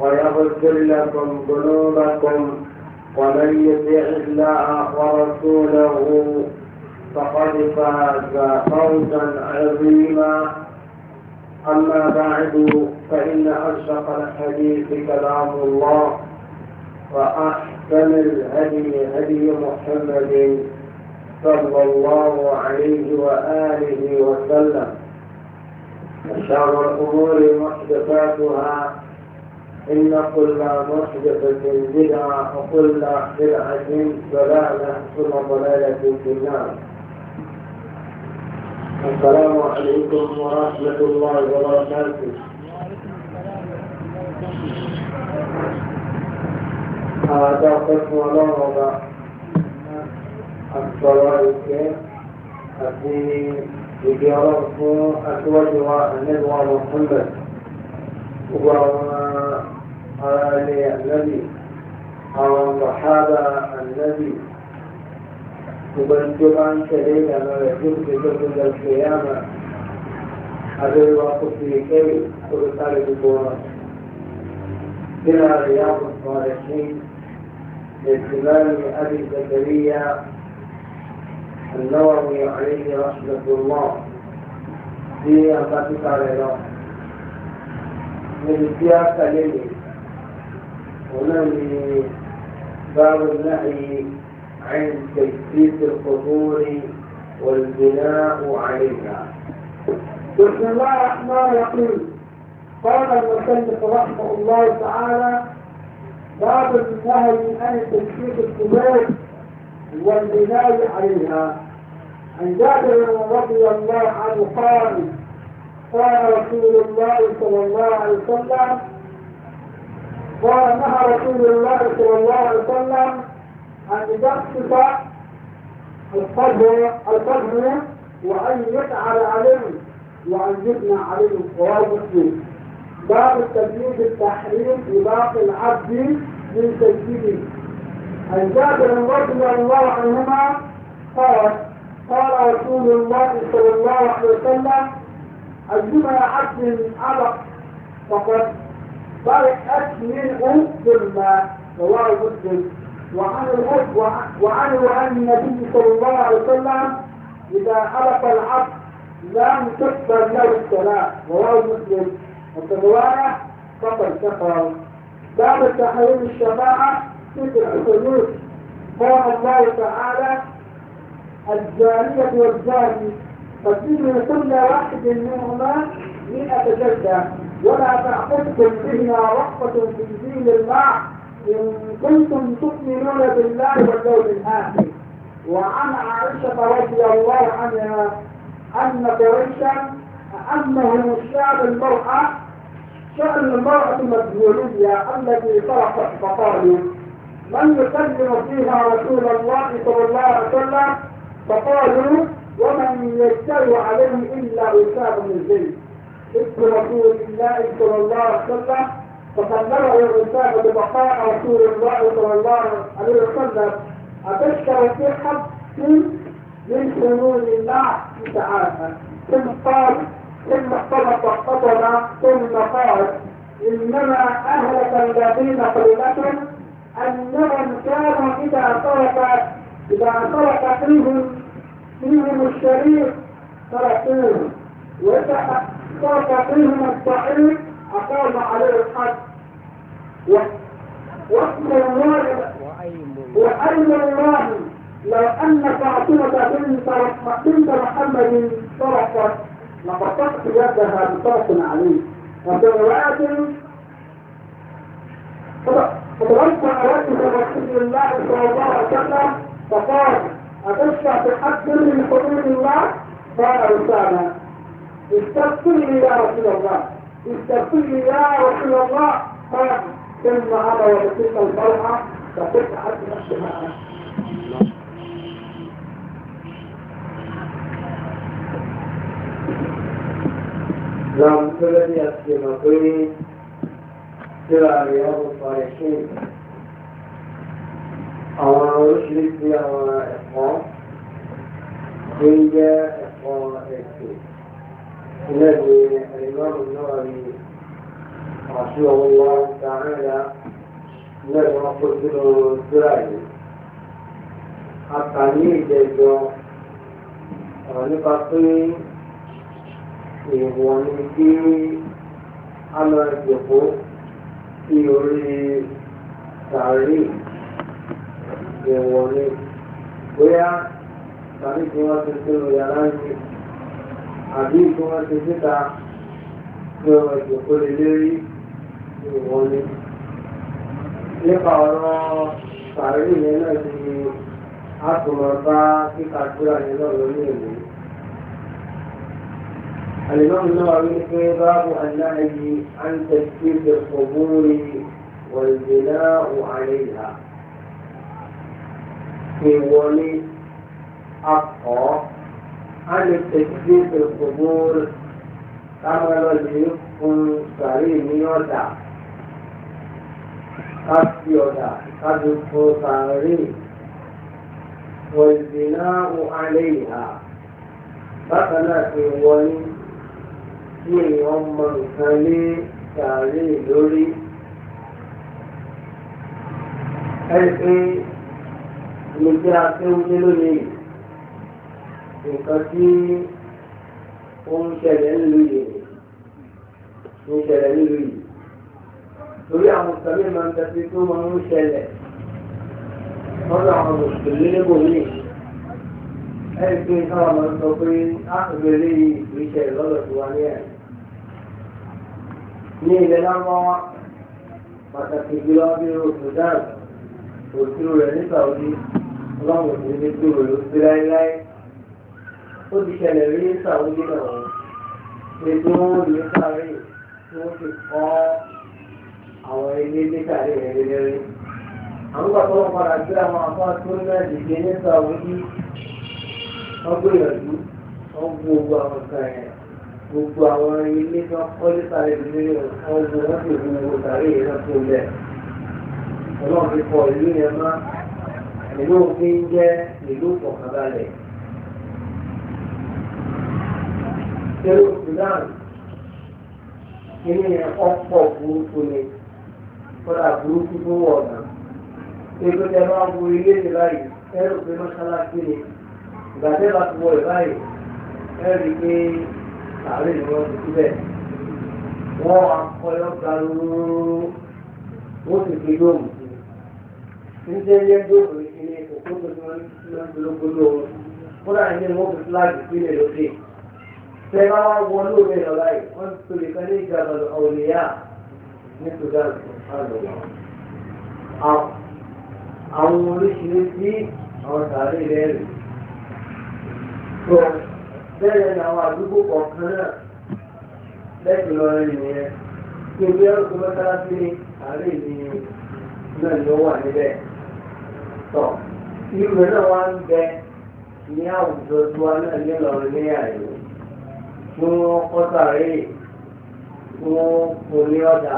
ويغفر لكم ذنوبكم ومن يطع الله ورسوله فقد فاز فوزا عظيما اما بعد فان اشرق الحديث كلام الله واحسن الهدي هدي محمد صلى الله عليه واله وسلم وشر الامور محدثاتها إن كل محدثة بدعة وكل بدعة ضلالة ثم ضلالة في النار السلام عليكم ورحمة الله وبركاته هذا قسم الله الصلاة التي يجربه أسوأ النبوة محمد وهو آل النبي أو صحابة النبي وبنتم عن شريك ما يجوز بجسد القيامة أبي واقف في كي وبالتالي بكورة إلى رياض الصالحين للإمام أبي زكريا النووي عليه رحمة الله في أنفاسك على الله من السياسة للي باب النهي عن تجديد القبور والبناء عليها بسم الله الرحمن الرحيم قال المسلم رحمه الله تعالى باب النهي عن تجديد القبور والبناء عليها عن جابر رضي الله عنه قال قال رسول الله صلى الله عليه وسلم قال نهى رسول الله صلى الله عليه وسلم أن يقصف القبر القبر وأن يفعل عليه وأن يبنى عليه رواه مسلم باب التجديد التحريم لباقي العبد من تجديده عن جابر رضي الله عنهما قال قال رسول الله صلى الله عليه وسلم أيما عبد علق فقد برئت منه ظلما رواه مسلم وعن وعن وعن النبي صلى الله عليه وسلم اذا حلق العبد لم تقبل له الصلاه رواه مسلم وفي الروايه فقد كفر باب تحريم الشفاعه سبع الحدود قال الله تعالى الجارية والجاري فدين كل واحد منهما مئة جلدة ولا تعتدكم بهما رقبة في دين الله إن كنتم تؤمنون بالله واليوم الآخر وعن عائشة رضي الله عنها أن قريشا أنهم شأن المرأة شأن المرأة المجهولية التي طرحت فقالوا من يكلم فيها رسول الله صلى الله عليه وسلم فقالوا ومن يجتر عليه إلا أسامة من اسم رسول الله صلى الله عليه وسلم فقدمه الإنسان ببقاء رسول الله صلى الله عليه وسلم أتشكر في حق من شرور الله تعالى ثم قال ثم اختلط قطنا ثم قال انما اهلك الذين قبلكم انهم كانوا اذا ترك اذا ترك فيهم فيهم الشريف تركوه واذا صاف فيهم الصحيح أقام عليه الحد واسم الله وأين الله لو أن فاطمة بنت محمد طرفت لقطعت يدها بطرف عليه وفي رواية فضربت على رسول الله صلى الله عليه وسلم فقال أتشفع في من حدود الله قال رسالة استغفر لي يا رسول الله استغفر لي يا رسول الله قال ثم أنا وتلك الفرحة فقلت حتى نفسها نعم الذي أسلم قيل سلع رياض الصالحين أو يشرك بها إخوان هي إخوان الذي الإمام النووي رحمه الله تعالى نجم قتل الزراعي التعليل جيده nípa pé èèwọ̀ ni kí a lọ ìjòkó sí orí sàárì èèwọ̀ ni bóyá tàbí tí àbí ìfowópamọ́ ti síta pé ọmọ ìjòkó lè lérí ìwọ̀n ni. nípa ọ̀rọ̀ sàárì yẹn náà ti a tó lọ bá kíkà síra yẹn náà lórí èlé. الإمام النووي في باب النهي عن تشكيك القبور والبناء عليها في ولي أقوى عن التكذيب في القبور أمر ليكون سليم يدع قد يدع قد تصاري والبناء عليها بقنا في ولي في يوم من سليم سليم لوري أي إيه نجاتي ولي nǹkan tí ó ń ṣẹlẹ̀ nílùú yìí ń ṣẹlẹ̀ nílùú yìí torí àwọn sàmì máa ń tẹ̀sí tó máa ń ṣẹlẹ̀ lọ́dọ̀ àwọn mùsùlùmí níbòmí ẹ̀rí pé káwọn máa ń sọ pé ákùnrin ah, yìí kì í ṣẹlẹ̀ lọ́dọ̀ tó wá ní ẹ̀ ní ilẹ̀ lágbọ́n pàtàkì jùlọ bí o Sudan òṣèlú rẹ̀ ní Saudi ọlọ́run òṣèlú tó rò ló sí láéláé ó ti ṣẹlẹ̀ rí sàwọ́dé náà pé tó ń lè sáré tí wọ́n ti kọ́ àwọn ilé létàrí rẹ̀ lélẹ́rí. àwọn gbàgbọ́ wọn padà gbé àwọn afá tó ń náà dìde ní sàwọ́dé wọ́n gbìyànjú wọ́n gbogbo àwọn kan yẹn gbogbo àwọn ilé tó ń kọ́ létàrí lélẹ́rí wọ́n gbogbo wọ́n sì gbogbo sàrí yẹn náà tó lẹ̀. ọlọ́run ti kọ ìlú yẹn mọ́ ìlú òfin jẹ́ ìlú kọ̀ọ̀kan balẹ̀. ṣẹ́rù sudan kíní ọ̀pọ̀ burúkú ni kódà burúkú tó wọ̀ ọ̀nà ètò tẹ máa ń wo ilé ní báyìí ẹrù pé mọ́ṣáláṣí ni ìgbà tẹ́ bá ti wọ ẹ̀ báyìí ẹrù pé àárẹ̀ ni wọ́n ti síbẹ̀ wọ́n akọyọ́ gbarúurú wọ́n sì fi dóòmù níṣẹ́ yẹ dóòmù ní kíní òkú tó ti wọ́n ti lọ́gbọ́dọ̀ wọn kódà ní wọ́n fi fúláàgì sílẹ̀ lókè tẹ́lá wọlé omi lọ láì wọ́n ti tòlè kan ní ìjà lọ́dọ̀ ọ̀lẹ́yà ní sudan alọ́wọ́. àwọn oríṣiríṣi àwọn sàárè rẹ̀ rè. tó bẹ́ẹ̀ ni àwọn àdúgbò kọ̀ọ̀kan náà lẹ́sìn lọ rẹ̀ nìyẹn. tí o bí ẹrù tó mọ́sálásí ní sàárè ni náà ni ó wà níbẹ̀. tọ́ irú rẹ̀ náà wá ń bẹ ní àwùjọ tiwa náà ní Ìlọrin ní àìlú tí wọ́n kọ́ sàárè tí wọ́n kò ní ọ̀dà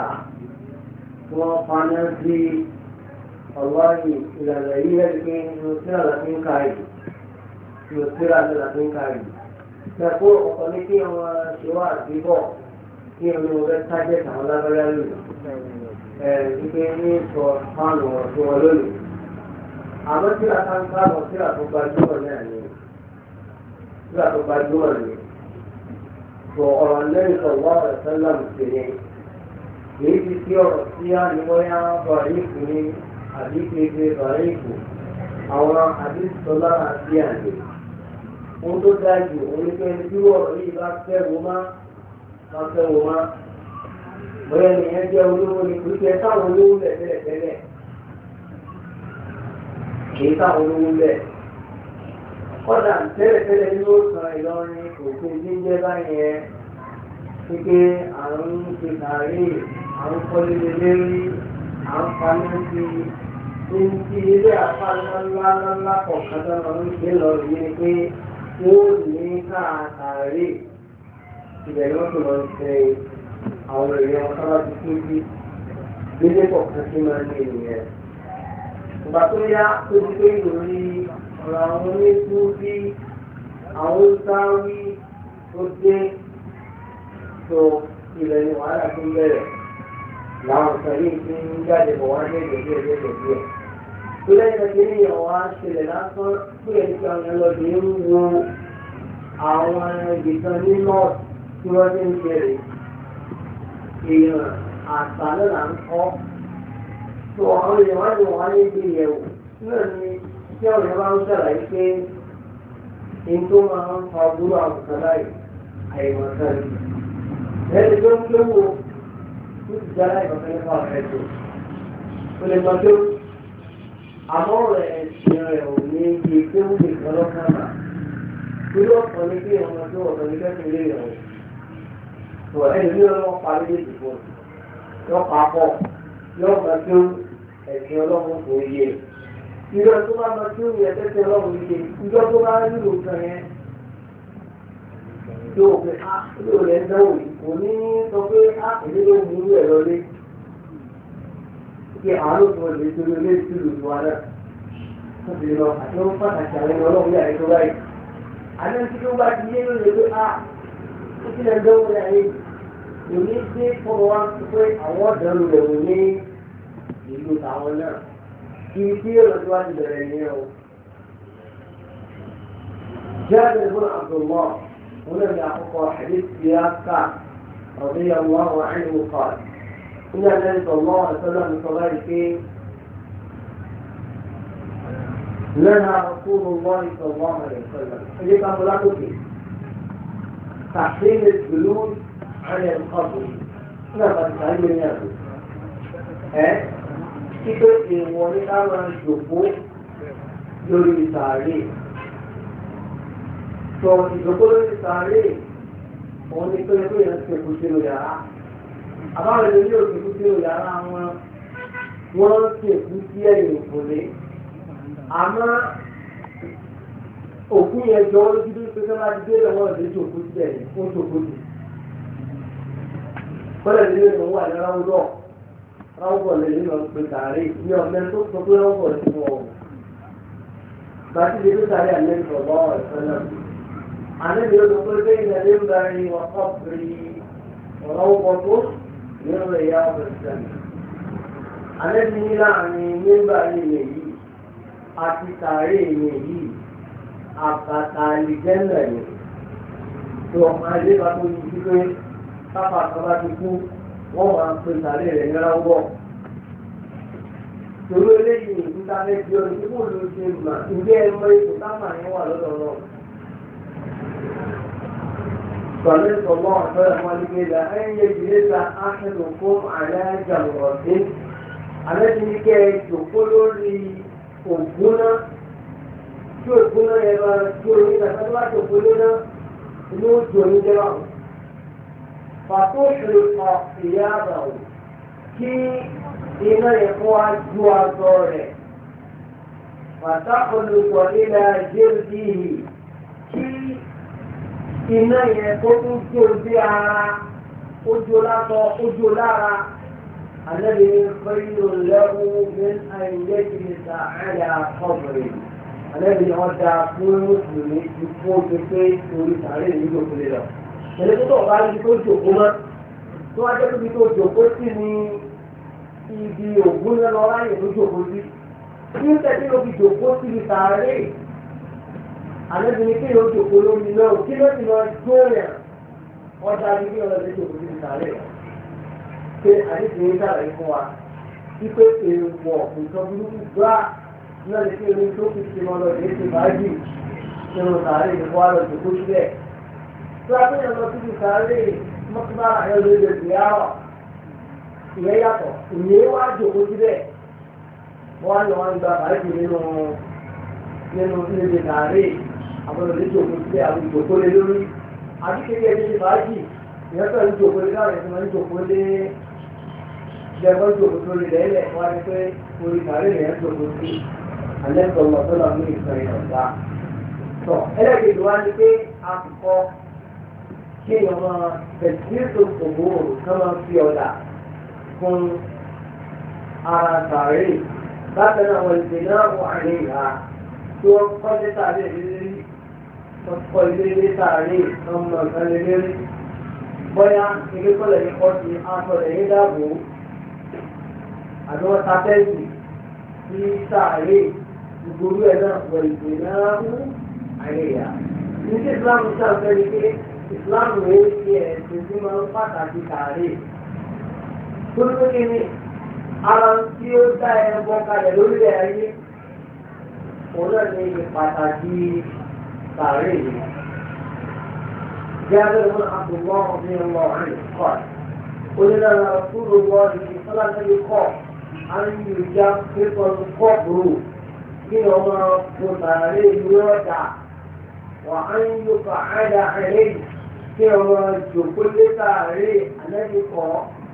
tí wọ́n paná sí ọlọ́ọ̀yì ìlànà yìí ẹ̀rí pé mo síra láti ń ka yìí mo síra láti ń ka yìí. Ṣẹ̀kú ọ̀pọ̀ ní kí wọ́n ṣe wá àdúgbò kí ẹni mo fẹ́ tájẹ́ àwọn lábẹ́rẹ́ lónìí. Ẹ wípé ní sọ fáànù ọ̀sùn wọn lónìí. Àmọ́ síra ká ń ká lọ síra tó gbajúmọ̀ náà ni. Síra tó gbajúmọ̀ ni sọ ọ̀rọ̀ lẹ́yìn sọ̀rọ̀ àtẹ̀sẹ́lá lùsèré kìí ti sí ọ̀rọ̀ sí àníwọ́yá bàríkù ní àdíkèké bàríkù àwọn àdísọ́lá àti àlè. ohun tó dáa jù òun pé bí ọ̀rọ̀ yìí bá fẹ́ wo má bá fẹ́ wo má bóyá nìyẹn jẹ́ olówó ni kò jẹ́ káwọn olówó bẹ̀ bẹ́ẹ̀ bẹ́ẹ̀ kìí káwọn kọ́dà tẹ́lẹ̀tẹ́lẹ̀ ní ó sàn Ìlọrin kò ṣe jíjẹ́ báyẹn pípé àrùn ṣe kàrí àrùn kọ́lélé lérí àrùn pamẹ́sì ní ti ilé apá ńlá ńlá ń gbé lọ rí ni pé wọ́n ní káàkiri ibẹ̀ ni wọ́n tó lọ ṣe àwọn èèyàn sábà ti kú sí gbélé kọ̀ọ̀kan sí máa ń ní ènìyàn. ìgbà tó yá tó ti pé ìròyìn ọ̀rọ̀ àwọn onígun bí àwọn sáwí tó dé tó ilẹ̀ ní wàhálà tó ń bẹ̀rẹ̀ làwọn kan yìí ti ń jáde bọ̀ wá ní ìgbésẹ̀ ìgbésẹ̀ díẹ̀. tó lẹ́yìn ọjọ́ ní ìyàwó á ṣẹlẹ̀ lásán tó yẹ kí àwọn ẹlọ́dẹ ń wo àwọn ìgbìkan ní north tí wọ́n ti ń bẹ̀rẹ̀ èèyàn àtàlẹ́ là ń kọ́ tó àwọn èèyàn wá ní wọ́n á ní náà ni tí àwọn bá ń ṣàlàyé pé ẹni tó máa ń fa burú àwọn láì àìmọ̀ ni ẹni tó ń kéwò ó ti dá láìmọ̀ nípa ọ̀rẹ́ tó ó lè gbọ́ tó àmọ́ ọ̀rẹ́ ẹ̀sìn rẹ̀ ò ní iye kéwù lè kọ́ lọ́kàn náà irú ọ̀pọ̀ ní kí ọmọ tó ọ̀tọ̀ ní kẹ́kọ̀ọ́ lè yọ̀ ọ́ ẹni ní ọlọ́wọ́ parí lè dìbò yọ pa tó ẹ̀sìn ọlọ́wọ́ kò yẹ ìjọ tó bá lọ sí òun yẹn tẹ́tẹ́ lọ́wọ́ yìí ìjọ tó bá nílò kan yẹn yóò pé á yóò rẹ̀ ń dánwò yìí kò ní sọ pé á ah, èmi ló mú irú ẹ̀ lọlé kí àárò tó lè torí olé ìtúlù tó wà náà tó ti lọ àti ó pàtàkì àwọn ẹni ọlọ́run yàrá tó báyìí àná tí ó bá ti yé ló lè pé á ah, ó ti lẹ̀ dánwò yàrá yìí kò ní dé fọwọ́ wá pé àwọn ọ̀dọ́ lulẹ̀ wò ní ìlú tàwọn náà. كيفية العدوان البرية جابر بن عبد الله هنا يعقوب حديث سياق رضي الله عنه قال إن النبي صلى الله عليه وسلم صلى في لنا رسول الله صلى الله عليه وسلم حديث أبو تحصيل الجلوس عن القبر نبت علم الناس kíkẹ́ èèwọ̀ ní ká máa jòkó lórí ìtàrí sọ ìjòkó lórí ìtàrí òun ni pé pé èèyàn ti kú sínú yàrá àbáwọn ilé yóò ti kú sínú yàrá wọn wọ́n ti kú sí ẹ̀yìn òkùnlé àmọ́ òkú yẹn jọ ó lójú pé kí wọ́n ti dé lọ́wọ́ ìdí jòkó sílẹ̀ ó jòkó sí. kọ́lẹ̀ ìdílé ìwọ̀n wà lára wúlọ́ọ̀ ráwọ̀ lè nínú pé tààrí ní ọ̀gbẹ́ tó sọ pé ráwọ̀ lè fún ọ. Bàtí lè tó tààrí àlẹ́ ìfọ̀bọ́ ẹ̀fẹ́ náà. Àlẹ́ mi ó sọ pé bẹ́ẹ̀ ni ẹ̀lẹ́ ń bá rí ọkọ̀ bírí ọ̀rọ̀ ọkọ̀ tó nínú ẹ̀yà ọ̀bẹ̀ sẹ́mi. Àlẹ́ mi ní láàrin nígbà ilẹ̀ yìí àti tààrí ilẹ̀ yìí àbàtà àlìjẹ́nà ni. Tó àlẹ́ bá tó yí wọ́n máa pe sàlẹ rẹ ńláwọ torí eléyìí níta lè di ọdún tí kò ló ṣe mà ìgbé ẹmọ ipò táwọn yẹn wà lọ́dọ̀ náà. Sọ̀lẹ́ sọ̀gbọ́n àtọ́rẹ̀ wọn ní pé ìlà ẹ̀ ń yẹ ìdílẹ́ta fún àlẹ́ àjàmọ̀ sí. Àlẹ́ ti ní kẹ́ ẹ jòkó lórí ògbóná tí ògbóná yẹn lọ sí orí ìgbà tó bá inú òjò ní jẹ́ báwọn. فتحرق ثيابه كي إلى يقوى جوا دوره فتخلق إلى جلده كي iná yẹn kó tún jó bí ara ojú látọ ojú lára alẹ́bí fẹ́yìnlò lẹ́wọ́ ní àìyẹ́ ti ní ta àyà kọ́bìrì alẹ́bí ọ̀dà fún mùsùlùmí ti kó pépé orí sàárè nílò kúlẹ̀ lọ pẹ̀lú tó tọ̀ bá rí tó jòkó mọ́ tó wá jẹ́ tóbi tó jòkó sí ni ibi ògún náà lọ ráyè tó jòkó sí ní tẹ̀sí ló fi jòkó sí ibi sàárè àlejò ni kí ló jòkó lórí náà kí ló ti lọ jó yàn ọjà ni kí ló lọ sí jòkó sí ibi sàárè pé àdéhùn yìí dàrẹ́ fún wa wípé èèwọ̀ nǹkan burúkú gbá náà ni kí ló ní tó fi ti lọ lọ sí nínú sàárè ìfọwọ́ lọ tó a fẹ́yàn lọ síbi sàárè mọ́tòbára ẹ̀ lórí rẹ̀ ìyá ọ̀ ìyẹn yàtọ̀ ìyẹn wá jòkó síbẹ̀ wọ́n á lọ wọn gba bàrẹ́kì nínú nínú níbi sàárè àwọn olùdíje òkú síbẹ̀ àwọn ìjòkó lé lórí àti kékeré ẹni ti bàájì ìyẹn tó ń jòkó lé láwọn ẹ̀sìn máa ń jòkó lé jẹ́gbọ́n jòkó tó lè lẹ́lẹ̀ wá ní pé orí sàárè lè ń jòkó sí alẹ́ sọ̀rọ̀ sọ́lá ní ìsọ̀rọ̀ ìgbà. ẹlẹ́gbẹ̀ẹ́ wa ni pé àkùkọ kí èèyàn máa tẹ̀síwèsò ògbóòrò kí wọ́n fi ọ̀dà fún ara tààrí bákan náà wọ́n ti náà wọ́n àrí ìhà tí wọ́n kọ́ ní tààrí ìrírí wọ́n kọ́ ilé ilé tààrí ọmọ nǹkan lè lérí bóyá ilé kọ́lẹ̀ ní kọ́ọ̀tì aṣọ lẹ́yìn dáàbò àbí wọ́n sí tààrí ìgbòrú ẹ̀ náà wọ̀ ìgbè náà àrí ìhà. Ní sí ìsìlámù sáà ni pé ìsìláàmù rẹ̀ ṣe ẹ̀sìn tí máa ń pàtàkì kàárẹ̀. Gbogbo kí ni ara tí ó dá ẹbọ kalẹ̀ lórí ayé òun náà ní ìpàtàkì kàárẹ̀ yìí. Jáde ló máa tó mọ́ ọ̀gbìn ọmọ rẹ̀ kọ́. Onílànà kúrò wọ ìfọ́lá tẹ́lẹ̀ kọ́. A ń yí ìjà pípọ̀ kọ́ bùrù kí ọmọ kò tààrí ìlú ọ̀dà. وأن يقعد عليه kí ọ̀rọ̀ jòkó létà rè ànábì kọ́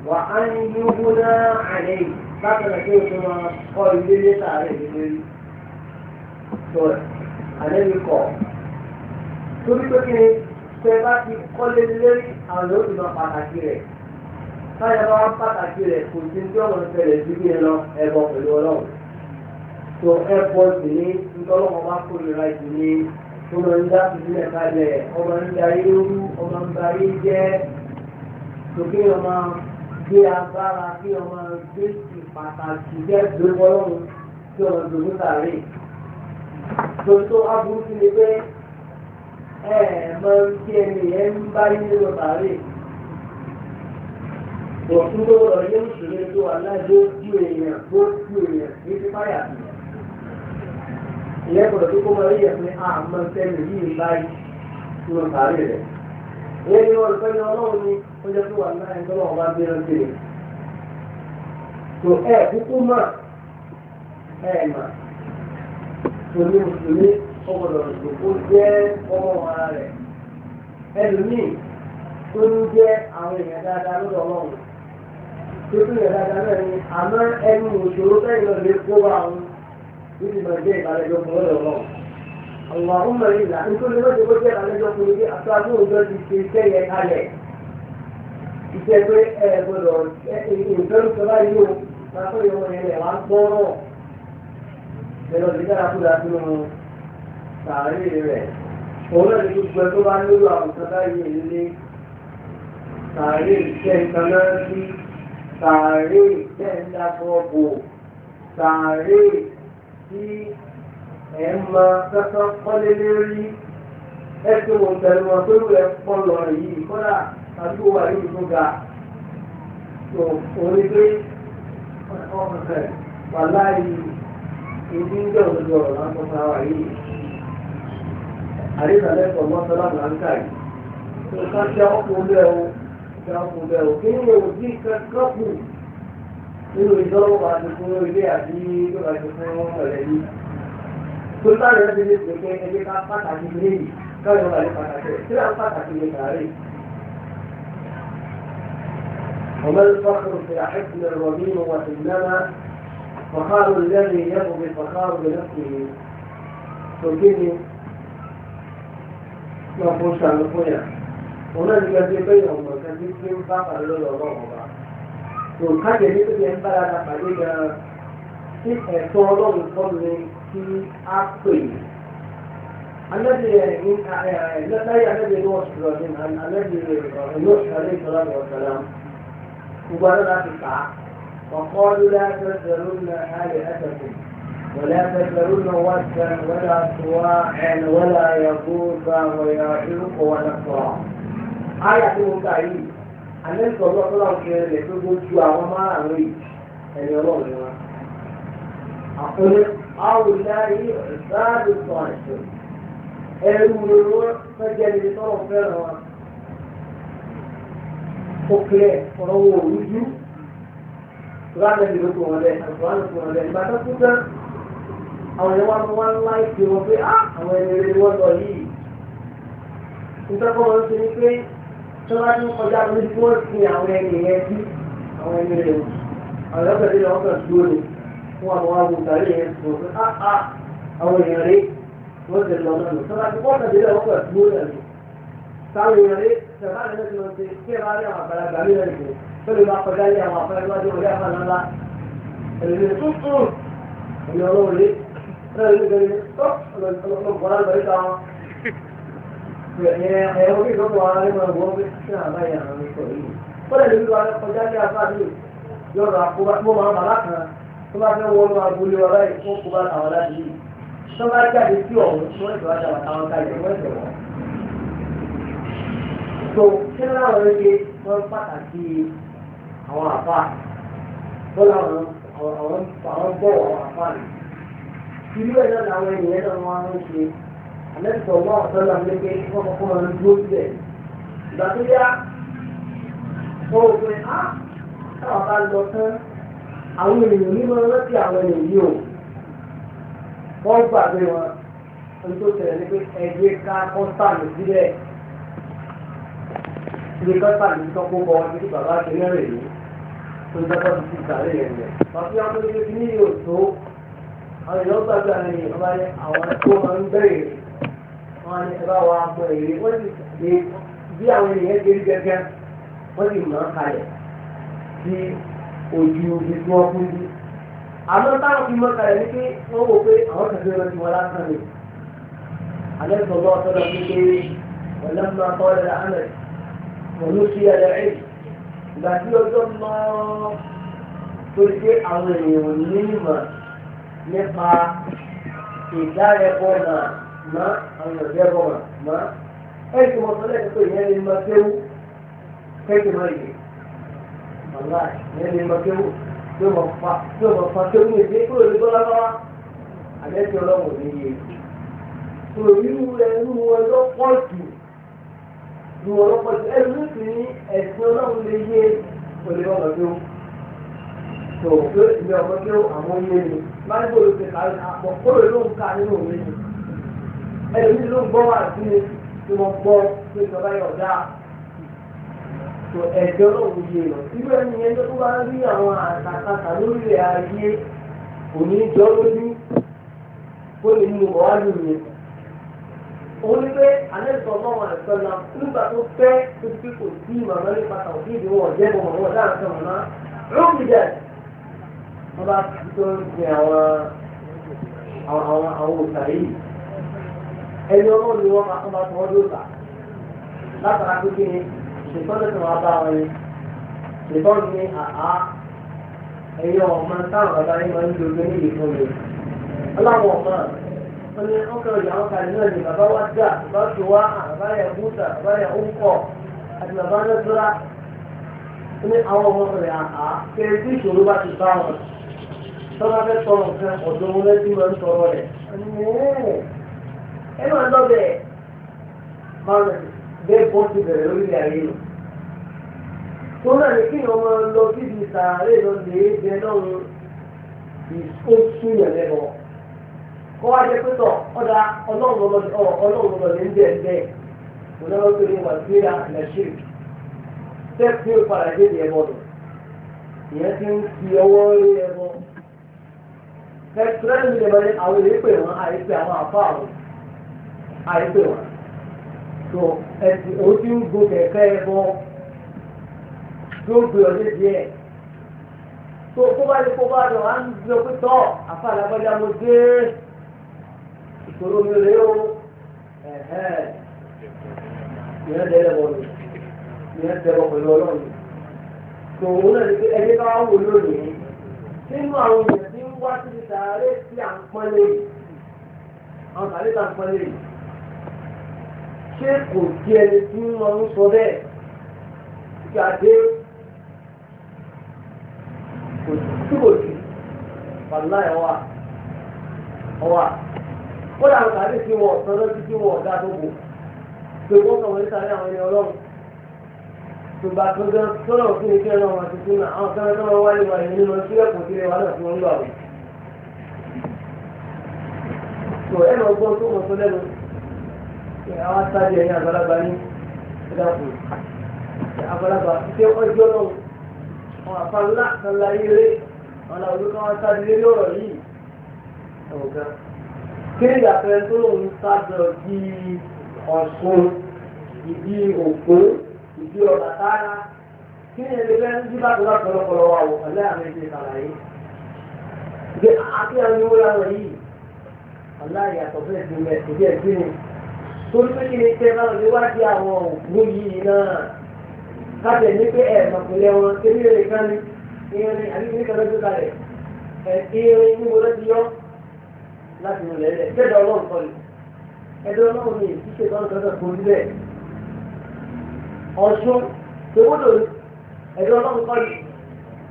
wà á ń yíwú náà àlẹ́ yìí bákan náà kí o tó máa kọ́ ilé létà rè lórí. sọ̀rọ̀ ànábì kọ́ torí pé kí ni tẹ bá ti kọ́lé lórí àwọn yóò ti lọ pàtàkì rẹ̀ báyọ̀ bá wá pàtàkì rẹ̀ kò sí ní ọ̀rọ̀ ìfẹ̀lẹ̀ sí bí ẹ lọ ẹ̀bọ pẹ̀lú ọlọ́run. tó ẹ̀pọ̀ sì ní ntọ́lọ́mọ bá kórìíra jù ní tó máa ń dá ìpínlẹ̀ kalẹ̀ ọmọ ń darí ooru ọmọ ń darí jẹ́ sókè ọmọ gbé agbára kí ọmọ gbé ti pàtàkì jẹ́ gbẹ́gbọ́lọ́run kí ọmọ gbogbo sàárè. Tòótọ́ aburú ti lè pé ẹ máa ń kí ẹni ẹ ń bá nínú sàárè. Òtún tó lọ yóò ṣèlérí tó wà èèyàn tó ju èèyàn ní pípáyà sí ìyẹn gbọ́dọ̀ tó kó máa rí ẹ̀fún àmọ́ sẹ́nu yìí báyìí tí wọ́n sáré rẹ̀. ìyẹn ni wọ́n fẹ́ ní ọlọ́run ni ó jẹ́ pé wà láì tọ́lọ́ ọba bí wọ́n ti rè. tó ẹ̀ kúkú mà ẹ̀ mà tó ní mùsùlùmí ó gbọ́dọ̀ tó jẹ́ ọmọ ara rẹ̀. ẹlòmíì tó ń jẹ́ àwọn èèyàn dáadáa lọ́dọ̀ ọlọ́run tó tún yẹ dáadáa náà ni àmọ́ ẹnu يجب أن يجب على جوف الله اللهم إلا أن كل ما تقول على جوف الله أصابه جوف الشيء عليه iṣẹ́ pé ẹ gbọ́dọ̀ ìfẹ́rù sọ́lá yìí o máa fẹ́ yọmọ yẹn lẹ̀ wá gbọ́rọ̀ lẹ́nu ọ̀dẹ̀ dára kúrò àtúnú sàárè rẹ̀ òun náà ní gbogbo ẹ tó bá nílò àwùjọ báyìí nílé sàárè iṣẹ́ nǹkan náà sí sàárè iṣẹ́ ńlá bọ́ọ̀bù tí ẹ̀ ń máa sẹ́sán pọ́lé lérí ẹ ti wò pẹ̀lú wọn pé wọ́n pọ́n lọ yìí kọ́dà àdúgbò wà ní ìlú ga tó orí pé ọ̀kẹ́ wà láàyè ìdí ń jẹ́ òdodo ọ̀rọ̀ lásán fún wa yìí àríkàlẹ́kọ̀ọ́ mọ́sálà láńkà yìí tó ká jẹ́ ọkùnrin bẹ́ẹ̀ o jẹ́ ọkùnrin bẹ́ẹ̀ o kí ni òbí kẹ́kọ̀ọ́ وما الفخر في حكم الرميم وإنما فخار الذي يبغي فخار بنفسه تركيني ما فوش عن الخنيا هناك كثير بينهم وكثير فقر له الله nǹkan jẹ nítorí ẹ̀ ń bára ra pàdé gan-an tí ẹ̀tọ́ ọlọ́run kọ́ mi kí á pè é. الذي لا الذي يوصف الذي يوصف عليه الصلاة والسلام مبارك في الساعة وقالوا لا تذرن آلهتكم ولا تذرن ودا ولا سواعا ولا يغوث ويعوق ونصرا آية مكاين àlẹ́sọ̀ ọlọ́pàá fi rẹ̀ tó gbójú àwọn márùn-ún yìí ẹni ọlọ́run ni wọn. àpẹẹrẹ àwòláyé ìsáàdù sọ àìsàn ẹrù lóró fẹ́jẹ́ ní sọ́rọ̀ fẹ́ràn wọn. ó kílẹ̀ ọ̀rọ̀ wo rújú rárẹ̀ ní lóko wọn lẹ àgbọ̀n lóko wọn lẹ ìgbà tó kú tán àwọn ẹni wọn wọn láì pé wọn pé ah, àwọn ẹni rẹ wọn lọ yìí. nítorí wọn ń ṣe ni pé tó bá ní kọjá ní tí wọ́n sin àwọn ẹni yẹn sí àwọn ẹni rẹ̀ àwọn ọ̀gbẹ̀dẹ̀ lọ́wọ́ kan dúró ni fún àwọn agbóhùnsáré yẹn tó fún áá àwọn èèyàn rẹ̀ wọ́n ti lọ náà tó bá ní wọ́n kàn délé lọ́wọ́ kan dúró náà ni táwọn èèyàn rẹ̀ sẹ̀fá rẹ̀ lọ́sẹ̀ lọ sí kí ẹ bá rí àwọn àgbàlagbà mí náà nìkan tó lè bá kọjá lé àwọn afẹ́rẹ́ ẹ̀rọ bí ìdókòwò ara rẹ̀ máa wọ́n bí sí àbáyé àwọn ọmọ ìṣòro yìí. Fọ́lẹ̀ lórí wa kọjá ní afáàlú yọ̀rọ̀ àkóbá tó máa bàlá kan tó bá fẹ́ wọ́n máa gbolé wa báyìí fún kóbá àwọn aláàbí yìí. Tó bá jáde sí ọ̀hún tó ń tọ́jà àwọn kalẹ̀ wọ́n ẹ̀sẹ̀ wọ́n. So kí láwọn oge wọ́n pàtàkì àwọn àfà bọ́lá àwọn bọ̀ àwọn àfà yìí. Ìlú ẹ̀ náà làwọn ènìyàn náà wọ́n á ń ṣe àlẹ́sọ̀ wà sọ́lá léke kọ́kọ́ kọ́ máa ń dúró síbẹ̀ ìgbà tó yá ó pé á táwọn bá lọ tán àwọn ènìyàn ní máa rántí àwọn ènìyàn yìí o wọ́n gbàgbé wọn ohun tó tẹ̀lé ni pé ẹgbẹ́ ká kọ́ńtàmì sílẹ̀ ilé kọ́ńtàmì tó kó bọ́ ibi bàbá ti rẹ́rìn yìí tó ń dábàá ti sàárè yẹn lẹ̀ bàbá yàtọ̀ ní ìlú yóò tó àwọn èèyàn gbàgbé àwọn ènìyàn bá wọn ní ẹ bá wa gbọ́ èrè wọ́n sì lè bí àwọn ènìyàn ṣe rí gẹ́gẹ́ wọ́n sì mọ̀ ọ́n kalẹ̀ sí ojú ibi tí wọ́n kú sí. àmọ́ táwọn fi mọ̀ kalẹ̀ ní pé wọ́n wò pé àwọn kẹ̀kẹ́ lọ sí wọn lásán ni. àlẹ́ sọ̀rọ̀ ọ̀sọ́dọ̀ pé pé ọ̀lẹ́mọ̀ akọ́rẹ́ ahmed mọ̀lúsí ẹ̀rẹ́ ẹ̀ ìgbà tí ọjọ́ mọ́ torí pé àwọn ènìyàn ní ìmọ̀ nípa ìdárẹ́bọ̀ náà má àwọn èèyàn bẹ́ẹ̀ bọ̀ mà má ẹ̀yìn tí mo sọ lẹ́yìn pé ìyẹn lè máa kéwú kéèké máa yè màlá ìyẹn lè máa kéwú tí ó máa fa tí ó máa fa kéwú ní ìdí kúrò ní bọ́lá bá wá àbẹ́ tí ọlọ́run ò ní yé kúrò nínú ẹnu wọn lọ́pọ̀ jù ní wọn lọ́pọ̀ jù ẹnu sì ní ẹ̀sìn ọlọ́run lè yé olè ọmọ kéwú tó ìyẹn ni báyìí bó ló ti kà á pọ̀ kó ló ń ka nínú ni ẹlòmíì ló ń gbọ́ wà sí mi tí mo gbọ́ pé ìjọba yọ̀ dá tó ẹ̀jọ́ náà wù yé lọ. irú ẹni yẹn tó bá rí àwọn àtàkàtà lórí ẹ̀ ayé òní jọ lójú kó lè mú ọ̀wájú mi. òun ni pé alẹ́ sọ ọmọ wọn àìsàn náà nígbà tó fẹ́ tó ti kò sí màmá ní pàtà òbí ìdí wọn jẹ́ mọ̀ wọn láàrín màmá lókìjà wọn bá tó ń sin àwọn àwọn àwọn òkà yìí ẹni ọlọ́run ni wọ́n máa tó máa tó wọ́n látara pé ni ṣètọ́ tó máa bá wọn yẹn ṣètọ́ ní àá ẹ̀yìn ọ̀mọ táwọn bàbá yẹn máa ń lo lórí ìfún mi ọlọ́run ọ̀mọ wọn ni ó kẹ́rọ ìyàwó kan náà ni bàbá wa dà bàbá tó wá bàbá yẹn bùtà bàbá yẹn ó àti bàbá náà tóra ó ní àwọn ọmọ rẹ̀ àá kẹ́rẹ́ tí ìṣòro bá ti bá wọn tọ́lá fẹ́ tọrọ nǹkan ọ̀dọ́ wọn lẹ́sìn máa ń tọrọ rẹ̀ ẹ máa lọ bẹ̀rẹ̀ máa a bọ́ ti bẹ̀rẹ̀ lórí ayé lọ. tó náà ní kí ọmọ lọ síbi sàárè lọ lè bẹ lọ́run oṣù yẹn lẹ́bọ̀. kọ́ wá jẹ́ pẹ́tọ̀ ọ̀dà ọlọ́run lọ lè ń bẹ̀ bẹ́ẹ̀ mo náà lọ́ọ́ torí wà sí àlẹ́ṣẹ́ tẹ́ẹ̀tì ó padà débi ẹ̀bọ̀ lọ. ìyẹn ti ń fi ọwọ́ rí ẹ̀bọ̀. tẹ́ẹ̀tì rẹ́ẹ̀mì àìpè wọn So, ẹtì òun ti ń go kẹ̀kẹ́ ẹbọ tó gbé ọdẹ díẹ̀ tó kó bá lè kó bá lọ à ń lọ pé tọ́ àfàlàbọ̀dé amọ̀dé ìṣòro mi rèé o ìyẹn dẹ́rẹ́ wọ̀ ni ìyẹn dẹ́rẹ́ pẹ̀lú ọlọ́run tó òun náà ní pé ẹni bá wò lónìí nínú àwọn èèyàn tí ń wá sí ìsàárè tí à ń pọ́n lé àwọn ìsàárè tí à ń pọ́n lé yìí ṣé kò sí ẹni tí wọ́n ń sọ bẹ́ẹ̀ jáde tí kò sí wàlúwà ẹ̀ wà ọ̀wà ó dàrú tàbí tí wọ́n ọ̀sán lọ́sí tí wọ́n ọ̀dà tó bò pé wọ́n sọ̀rọ̀ níta ní àwọn ẹni ọlọ́run tògbà tó gan sọ́nà òfin ní kí ẹran wọn ti fún àwọn kan náà wáyé wà ní nínú sílẹ̀ kò sílẹ̀ wà náà tí wọ́n ń lọ àwẹ̀. tó lọ gbọ́ tó mọ̀ tó lẹ́nu àwọn aṣáájú ẹ̀yìn àgbàlagbà ní ìdàpọ̀ àgbàlagbà ṣé ọjọ́ náà wọn àfa ńlá kan la yéré wọn la olú kan aṣáájú lérí ọ̀rọ̀ yìí ẹ̀wọ̀n kan kéde àpẹẹrẹ tó lòun sábẹ̀ bí ọ̀ṣun ìdí òkú ìdí ọ̀bàtálá kí ni ẹgbẹ́ ń bí bàtọ́ bá pọ̀lọpọ̀lọ wa wò ọ̀lẹ́ yìí ọ̀lá ìyàtọ̀ bẹ́ẹ̀ ti ìdí ẹ̀ torí pé kí ni tẹ bá lè wádìí àwọn òkú yìí náà kábẹ̀ ní pé ẹ̀ màkùnlé wọn eré rẹ̀ kan ní irin àbíkí ní kẹfẹ́ tó kalẹ̀ ẹ̀ irin ní mo lọ́ti yọ láti mú lẹ́lẹ̀ tẹ́lẹ̀ ọlọ́run kọ́ni ẹ̀dọ́ ọlọ́run mi kí ṣe tọ́nu kẹfẹ́ kò nílẹ̀ ọ̀ṣun tòwódò ẹ̀dọ́ ọlọ́run kọ́ni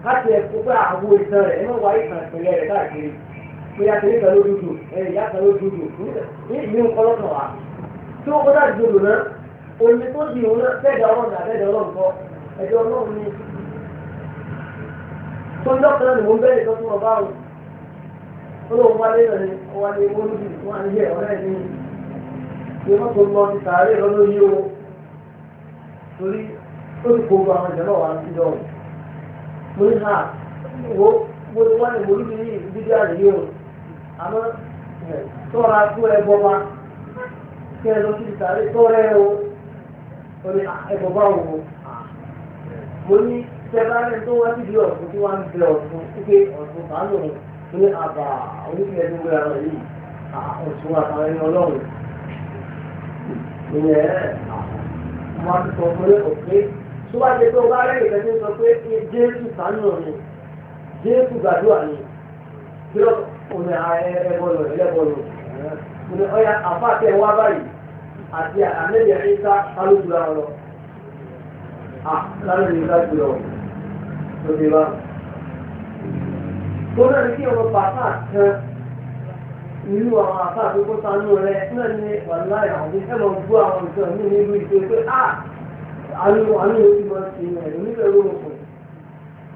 láti ẹ̀kú pé àwọn ìtàn rẹ̀ ẹ̀ mọ̀ wáyé ìtàn ìpínlẹ̀ rẹ̀ káàkiri pé yàtọ̀ nípa lójúdù ẹ̀ yàtọ̀ lójúdù ní ìlú ńkọ́lọ́kọ̀ wa tí ó kọjá ìgbòdò náà omi tó di òun náà fẹ́ẹ̀dà ọlọ́run náà fẹ́ẹ̀dà ọlọ́run kọ́ ẹ̀dẹ̀ ọlọ́run ni tó ń dọ́kítà ni wọ́n bẹ́ẹ̀ tó ọba àrùn olóhùn wálé náà ni wálé olùdí wọn ní ẹ̀ ọ̀rẹ́ ní ìwé mọ́tò lọ ti tààrí lọ lórí o torí ó ti kó gbogbo àwọn ìjọba wà ní ìjọ mo ní ha wo ti wá ní mo ní bí dídí kí ẹ lọ sí ìsàlẹ̀ tó rẹ̀ o ó ní ah, ẹ̀bọ̀ bá wò ó. mo ní sẹ́fà rẹ̀ tó wá síbi ọ̀sùn tí wọ́n ń bẹ ọ̀sùn wípé ọ̀sùn sàánù ó ní àbà oníkìlẹ̀ tó wúra rẹ̀ yìí ọ̀sùn àtàwọn ẹni ọlọ́run. ìyẹn àwọn akẹ́kọ̀ọ́ ọmọdé kò pé tó bá jẹ́ pé o bá rẹ̀ ìfẹ́ tó sọ pé jésù sàánù ni jésù gbàdúrà ni bí ọ̀nà ẹ̀ẹ́bọ̀lù ẹ̀lẹ́bọ̀lù ọ̀yà àfáàkẹ́ wá báyìí àti àmẹ́lẹ̀ ẹ̀yíká kálùkùlá lọ láàrin ìgbà jùlọ lóde wa. tó náà ní kí ọmọ bàbá kan irú àwọn àbá àdókò sánú rẹ náà ní wàhálà àwọn ẹ̀rọ bú àwọn nǹkan ní nílùú ìṣe pé a àánú àánú yóò ti máa ṣe ẹ̀rọ nílẹ̀ ló ń pè.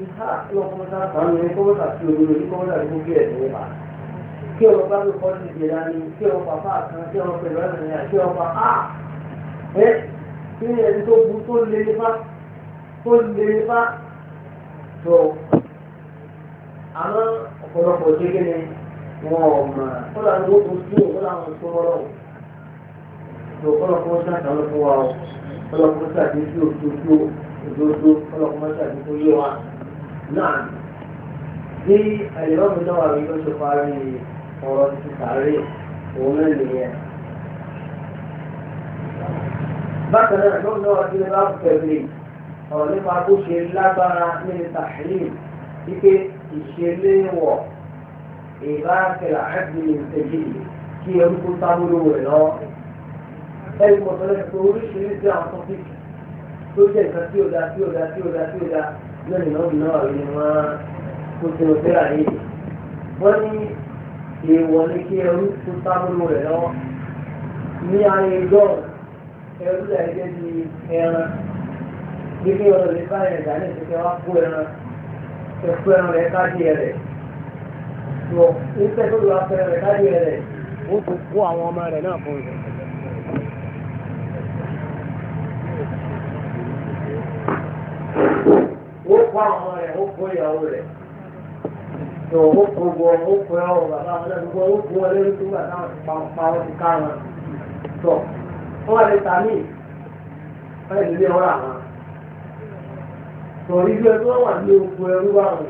ìhà lọ́kọ́ mọ́tà sánú ní kọ́mọ́tà sí olórí kọ́mọ́tà ní kókè ẹ̀ kí ọmọ bá ló kọ́ ní ìjẹ̀dá ni kí ọmọ bàbá kan kí ọmọ pẹ̀lú ẹ̀rọ ni àti ọmọ a ẹ kí ni ẹni tó bu tó lé nípa tó lé nípa tó àmọ́ ọ̀pọ̀lọpọ̀ jẹ́gẹ́ ni wọn ò mọ̀ kọ́lá ni ó tún sí òkúta àwọn tó wọ́n lọ́wọ́ tó kọ́lọ́kọ́ sáà ló fún wa o kọ́lọ́kọ́ sáà ti fi òtútù òdodo kọ́lọ́kọ́ sáà náà bí àyẹ̀wò mi náà wà lóṣù parí ọ̀rọ̀ ti sàárè òun náà nìyẹn. bákan náà ló ń lọ́wọ́ sí bá pẹ̀lú ọ̀rọ̀ nípa tó ṣe lágbára nínú tàhílì wípé ìṣeléwọ̀ ìbáraẹ̀kẹ̀lá ẹ̀dùn ìṣèjì kí orúkọ sábúrò rẹ̀ lọ. ẹ̀rí mọ̀tọ́lẹ́ pé oríṣiríṣi àwọn tọ́pìkì tó jẹ́ nǹkan tí ó da tí ó da tí ó da tí ó da lónìí náà náà rí wọn kó tó tẹ́lá yìí. wọ́n ní èèwọ̀ ni kí ẹrú tó sábúrú rẹ̀ lọ́wọ́ ní ayé gọ́ọ̀ ẹrú ẹ̀jẹ̀ di ẹran gbígbé ọ̀rọ̀ lè bá ẹ̀dá ní ìfẹ́ wá kó ẹran ẹ̀kú ẹran rẹ̀ kájí ẹ̀rẹ̀ lọ nípa tó lọ afẹ́ rẹ̀ kájí ẹ̀rẹ̀ ó kò kó àwọn ọmọ rẹ̀ náà fún un. ó kó àwọn ọmọ rẹ̀ ó kó ìyàwó rẹ̀ tó ó kó bọ ó kó ẹ ọ bàbá ọlọ́dúnkọ ó kó ẹ lórí tó wà pa pa ó ti ká wọn tó wọn wà lè ta mí wọn lè lé ọ̀rọ̀ àwọn tó ilé tó wà ní oko ẹrú wà wọn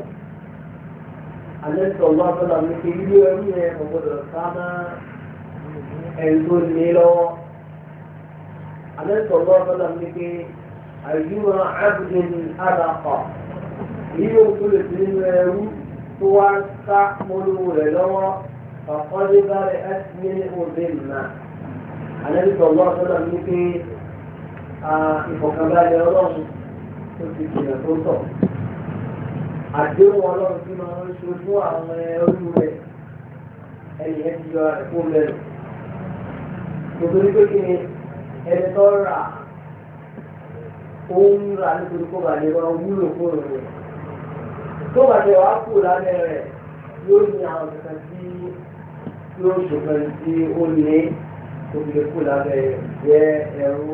alẹ́ tó wà fọlá mi pé ilé ẹrú yẹn kò gbọdọ̀ sá máa ẹ̀rú tó lọ́wọ́ alẹ́ tó wà fọlá mi pé àyùmọ̀ ábùdé ni àdàpọ̀ èyí yóò tó lè fi nínú ẹrú tó wá ń sá mọ́lúwo rẹ̀ lọ́wọ́ ọ̀kọ́lé bá rẹ̀ ẹ́ ti ní òde nà. Àlẹ́bí sọ̀rọ̀ ọ̀sọ́dọ̀ ní pé ìfọ̀kànbalẹ̀ ọlọ́run tó ti jìnà tó tọ̀. Àdéhùn ọlọ́run tí máa ń ṣojú àwọn ẹrú rẹ̀ ẹ̀yìn ẹ̀ ti yọ ẹ̀kọ́ mẹ́rin. Nítorí pé kí ni ẹni tó rà ó ń rà nítorí kó bàlẹ́ wọn wúlò fóònù rẹ̀ tó bàjẹ́ wàá kù lálẹ́ rẹ̀ yóò ní àwọn kankan tí yóò ṣòkan tí ó lé òkèlè kù lábẹ́ jẹ́ ẹrú.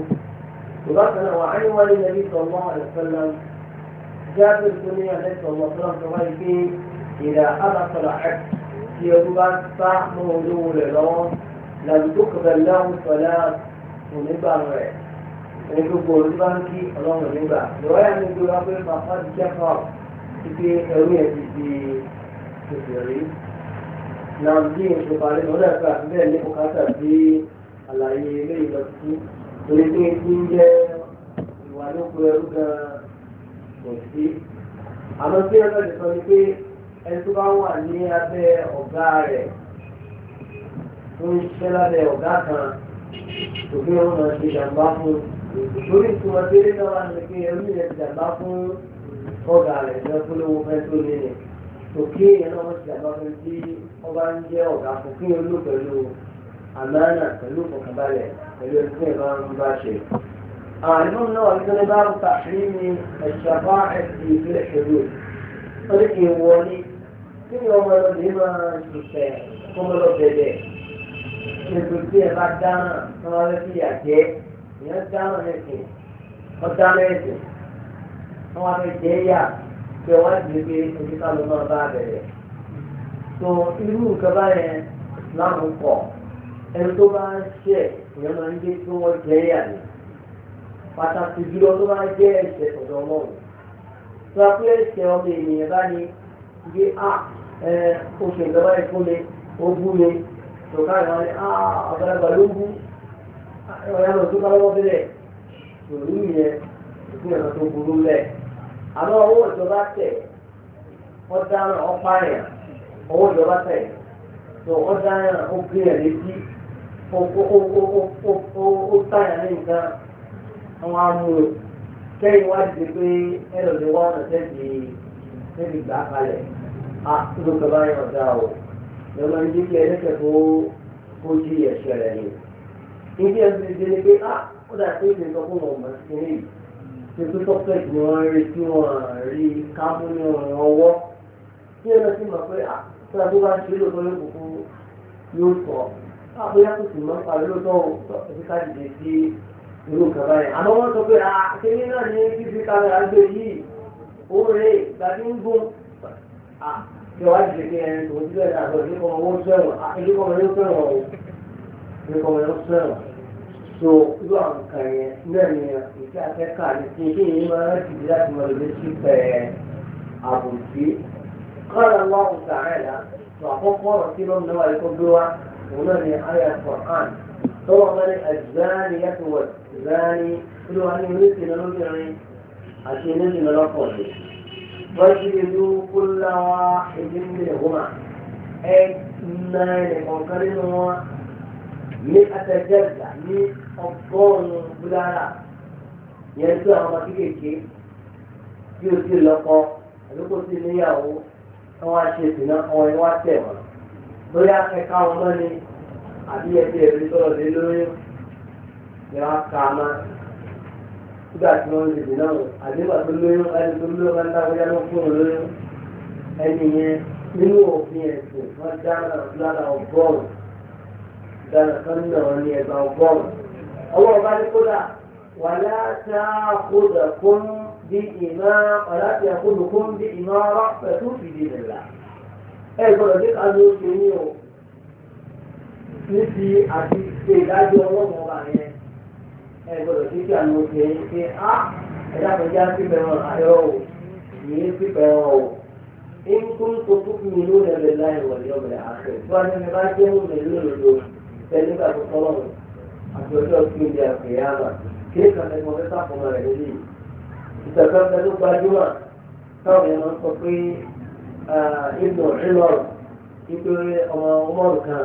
وبعدنا وعن ولي النبي صلى الله عليه وسلم جاءت الدنيا النبي صلى الله عليه وسلم في إذا أبى صلاحك يبقى فهم لله لم تقبل له صلاة ونبرع ẹni gbogbo olùbáńkì ọlọ́run nígbà lọ́yà ní gbogbo ọgbẹ́ pàpà jẹ́kọ̀ọ́ ibi ẹ̀rú yẹn ti di òṣèré náà bí oṣù parí lọ́dọ̀ ẹ̀fà bẹ́ẹ̀ ní bùkátà sí àlàyé ilé ìlọsí torí pé kí ń jẹ́ ìwà lóko ẹrú gan-an sí. àmọ́ tí ẹ̀rọ ti sọ ni pé ẹni tó bá wà ní abẹ́ ọ̀gá rẹ̀ tó ń ṣiṣẹ́ lábẹ́ ọ̀gá kan òfin ọ̀nà ti jàǹbá fún un lórí ìtumọ̀ tí eré náà wà ní pé ẹrú yẹn ti jàǹbá fún un ọ̀gá rẹ̀ ní ọ̀pọ̀lọpọ̀ fẹ́ tó lé ní òkè yẹn náà wọ́n ti dàgbà fún tí wọ́n bá ń jẹ́ ọ̀gá fún kí wọ́n lò pẹ̀lú àmàlà pẹ̀lú ìfọ̀kànbalẹ̀ pẹ̀lú ẹni tí ìbá ń bá ṣe. àìmọ́ náà wọ́n tẹ́lẹ̀ bá ń ta sí ní ẹ̀ṣàbá ẹ̀sìn ìbílẹ̀ ṣòro wọ́n ní kí n wọlé kí ni ọmọ ẹ̀rọ lè máa ṣùfẹ́ kọ́mọlọ bẹ̀rẹ̀ ètò tí ẹ bá dáná tọ́lá lẹ́sìn ìyàjẹ́ ìyẹn dáná lẹ́sìn ọ wọ́n wá fẹ́ jẹ́ yà kí ọ wá gbé pé ojú ká ló náà bá bẹ̀rẹ̀. tó irú nǹkan báyẹn láàmú pọ̀ ẹni tó bá ń ṣẹ̀ ìyẹn máa ń gbé kí wọ́n jẹ́ yà ni pàtàkì jùlọ tó bá jẹ́ ẹ̀ṣẹ̀ ọ̀dọ̀ ọlọ́run tó a pé ẹ̀ṣẹ̀ ọmọ ènìyàn bá ní gbé a oṣù ìjọba yẹn fún mi ó bú mi tó káàkiri wọn ni a àgbàlagbà ló bú ọ̀yà lọ tó bá lọ́wọ́ bílẹ̀ àmọ́ owó ìjọba tẹ̀ ọ̀daràn ọ̀páyà owó ìjọba tẹ̀ tó ọ̀daràn ọ̀gbìyàn létí ó táyà ní nǹkan àwọn amúlò kẹ́yìn wá dìde pé ẹ̀rọ lè wá ọ̀nà tẹ́sí níbi gbà kalẹ̀ á tó kaba yẹn ọ̀dà o lọ́mọ ní kíkẹ́ ẹ̀rẹ́kẹ̀ kó kó jí ẹ̀ṣẹ̀ rẹ̀ ni. ìdí ẹ̀sìn ti di ni pé á ah, ó dà pé ìdè nǹkan fún ọmọ sí ní yìí ṣe tó tọ́pẹ́ wọ́n rí tí wọ́n rí kámú ní ọ̀ràn ọwọ́ tí ẹ̀rọ sì mọ̀ pé àtúntà ah, tó bá ṣe lóòótọ́ ló yóò sọ àbóyá ah, tó sì máa ń lóòótọ́ ẹ̀fí ká dìde sí irú nǹkan báyìí àmọ́ wọ́n sọ pé àkéwé ah, náà ní fífi kámẹ́rà gbé yìí ó gbàdí ń gún àkẹwàá dìde kí ẹni tó ń sílẹ̀ àgbẹ̀ ìlú kọ́mọ sọ̀rọ̀ so irú àwọn nǹkan yẹn náà ni ìfẹ́ akẹ́kọ̀ọ́ àti ṣe ṣe èyí máa ń ṣìdí láti mọ lóde sí fẹ́ àbòsí. kọ́lá ń wá òǹkà rẹ̀ là tó àkọ́kọ́ ọ̀rọ̀ tí lọ́mọ náà wà lóko gbé wa òun náà ni àyà kọ̀ọ̀kan tọ́wọ́ bá ní àzáni yàtọ̀ wọ̀ záni irú wa ní orí ìṣẹ̀lẹ̀ lóbìnrin àti ilé ìṣẹ̀lẹ̀ lọ́kọ̀ọ̀dẹ̀. wọ́n ti lè lu kúláwá ẹ̀dínlẹ̀ ní atẹ́jẹ́gbà ní ọgọ́rùn-ún búlára yẹn tó àwọn ọmọ kéékèèké tí o ti lọ́kọ àdókò sí níyàwó àwọn aṣèṣìnà àwọn ẹni wá tẹ̀ wọ́n lórí akẹ́kọ̀ọ́ àwọn ọmọ ni àbí ẹbí ẹ̀rí sọ̀rọ̀ lé lórí ni wọ́n kà á má nígbà tí wọ́n lè dènà wọn àdébà tó lóyún ẹni tó lóyún máa ń dá wíyá ló fún un lóyún ẹni yẹn nínú òfin ẹ̀sìn wọ́n dáná lára ọgọ́rùn-ún kan náà ní ẹgbà ọgọ́rùn-ún ọwọ́ ọba ní kódà wà láta kódà kún bí ìmọ̀ ọ̀làtì àkódò kún bí ìmọ̀ ọ̀rọ̀ pẹ̀lú fìdí nìlá ẹ gbọ́dọ̀ dé ká ló ṣe ní o níbi àti ṣe ìdájọ́ ọlọ́mọ ọba yẹn ẹ gbọ́dọ̀ dé ká ló ṣe ní pé á ẹ̀dá kọjá pípẹ́ wọn ayọ́ o yìí pípẹ́ wọn o. إن كنتم تؤمنون بالله واليوم الآخر فأنا ما تؤمنون بالله pẹ̀lú ìgbàgbọ́ sọ́lọ́run àti ọjọ́ tí ó di àpèyà àmà kí é kàn lẹ́gbọ́n fẹ́ sàkómọ rẹ̀ nílé yìí. ìtàkà ń tẹ́lú gbajúmọ̀ táwọn èèyàn máa ń sọ pé ìdùn ìlọrùn ipe ọmọ ọmọrùn kan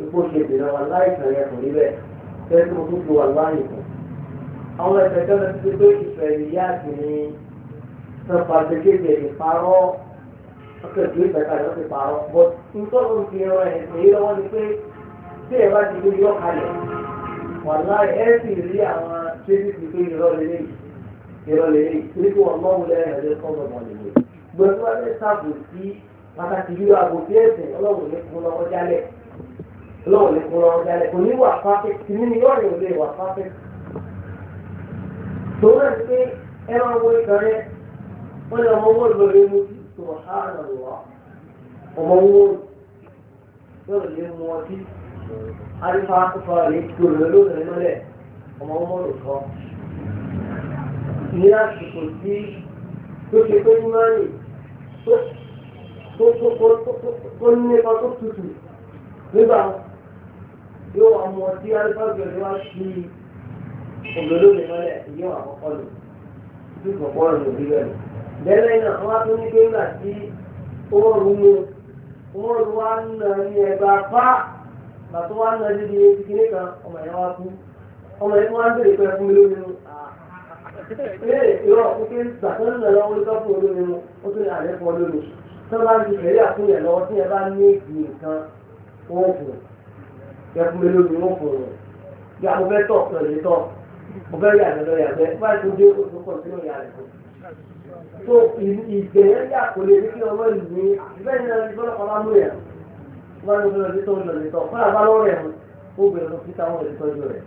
ipò ṣe ìdènà wà láìsàn yẹn kò rí bẹ́ẹ̀ fẹ́ẹ́ tó tó fi wà láàyè kan. àwọn ẹ̀sẹ̀ kẹ́lẹ́ ti pé ìfẹ́ ìyá àti ni sọ́pàá ti kéde ìparọ́ ọkọ̀ ìdílé ìfẹ́ kalẹ̀ ó ti parọ́ bọ́t nítorí ó tí ẹ bá ti lórí ọ̀kalẹ̀ wà láì ẹ sì rí àwọn tẹ́lifù tó ìrọ̀lẹ́lẹ́ ìrọ̀lẹ́lẹ́ torí pé wọ́n mọ́wó lẹ́yìn ọ̀dẹ́ kọ́ńtọ̀ mọ̀lẹ́lẹ́ gbọ́dọ̀ wá fẹ́ sáàbò sí pàtàkì yíyọ àbò tí ẹ̀sìn ọlọ́run ní kún lọ́wọ́ jálẹ̀ ọlọ́run ní kún lọ́wọ́ jálẹ̀ kò ní wà fáfẹ́ tìmí ni yọ̀ọ̀rẹ́ ò lè wà fáfẹ́. tòun náà ti pé ẹ máa wọ ìtàn rẹ wọ́n ní ọmọ owó lọ lé mú sí tòun ọ̀hánà lọ́wọ́ ọmọ owó lọ lé mú ọtí arífà akọ́kọ́ rẹ̀ gbòòrò lóbìnrin mọ́lẹ̀ ọmọ ọmọ rẹ̀ kọ́ ní àsìkò tí tó ṣe pé ní wọ́n rìn tó nípa tó tutù nígbà yóò wà mọ̀ tí arífà gbẹ̀rẹ̀ wá sí ọ̀gbẹ̀ lóbìnrin mọ́lẹ̀ yóò àkọ́kọ́ lò tí kò pọ̀ rẹ̀ lòdì rẹ̀ bẹ́ẹ̀ lẹ́yìn náà wọ́n á tún ní pé nígbà tí ó rú wọ́n rú wá ń nà ní ẹ̀bà fáà bàtú wá lọ síbi kíní kan ọmọ yẹn wá kú ọmọ yẹn wá ń bèrè pé ẹkún lórí mu ee irọ́ o gbàtọ́ lọ lọ wọlé tọ́pù olómi mu ó tún àlẹ́ fọ́ lómi tó bá ń ti fèrè àkúnyẹ̀ lọ́wọ́ tí yẹn bá ní ìgbì nǹkan wọ́n fún ẹkún lórí wọ́n fún un bí mo fẹ́ tọ̀ pẹ̀lú tọ̀ mo fẹ́ yàgbẹ́ lọ yàgbẹ́ báyìí tó dé oṣù kan sínú yàrá ìfún so ìgbẹ́ yẹn yà kò lè ní kí ọmọ ìlú bẹ́ẹ̀ ni ọlọ́pàá bá bá ní obìnrin ọ̀dẹ́tọ̀ ń lọ̀dẹ́tọ̀ fúnra bá lọ́rọ̀ ẹ̀ ó bẹ̀rẹ̀ lọ sí táwọn ọ̀dẹ́tọ̀ jù rẹ̀.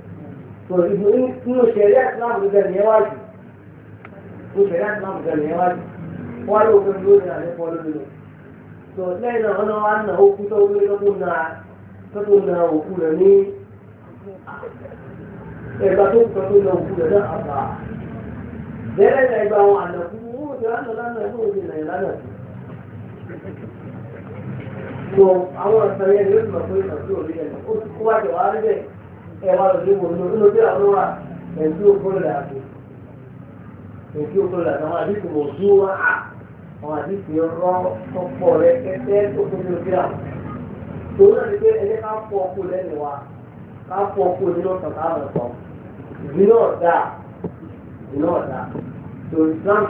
tó ìbò inú ṣẹ̀rí àtìláàmù gẹ̀ ní ẹwàjù inú ṣẹ̀rí àtìláàmù ní ẹwàjù wọ́n á lé obìnrin lórí àlẹ́ pọ̀ lórí lọ. tó lẹ́yìn náà wọn wá nà ó kú tó wúlé tó na tó na òkú rẹ̀ ní ẹ̀gbà tó kú tó na òkú rẹ̀ náà àbá. bẹ́ẹ̀ tó àwọn ọ̀sán yẹn ló lọ pé ìtàn tí ò rí ẹ̀ ó ti kó wájú wá níbẹ̀ ẹ̀ wá lọ sí ìwò nínú nínú bí àwọn wà ẹ̀jú òkúrò rẹ̀ àti ẹ̀jú òkúrò rẹ̀ àtàwọn àdìsí mò ń dúró wá àwọn àdìsí ọ̀rọ̀ ọ̀pọ̀ rẹ̀ kẹ́kẹ́ tó kó nínú bí àwọn. tòun náà ni pé ẹni ká fọ ọkọ lẹ́nu wa ká fọ ọkọ nínú ọ̀sán káàmù kan ìdíná ọ̀dà ìdíná ọ̀dà tòun Islam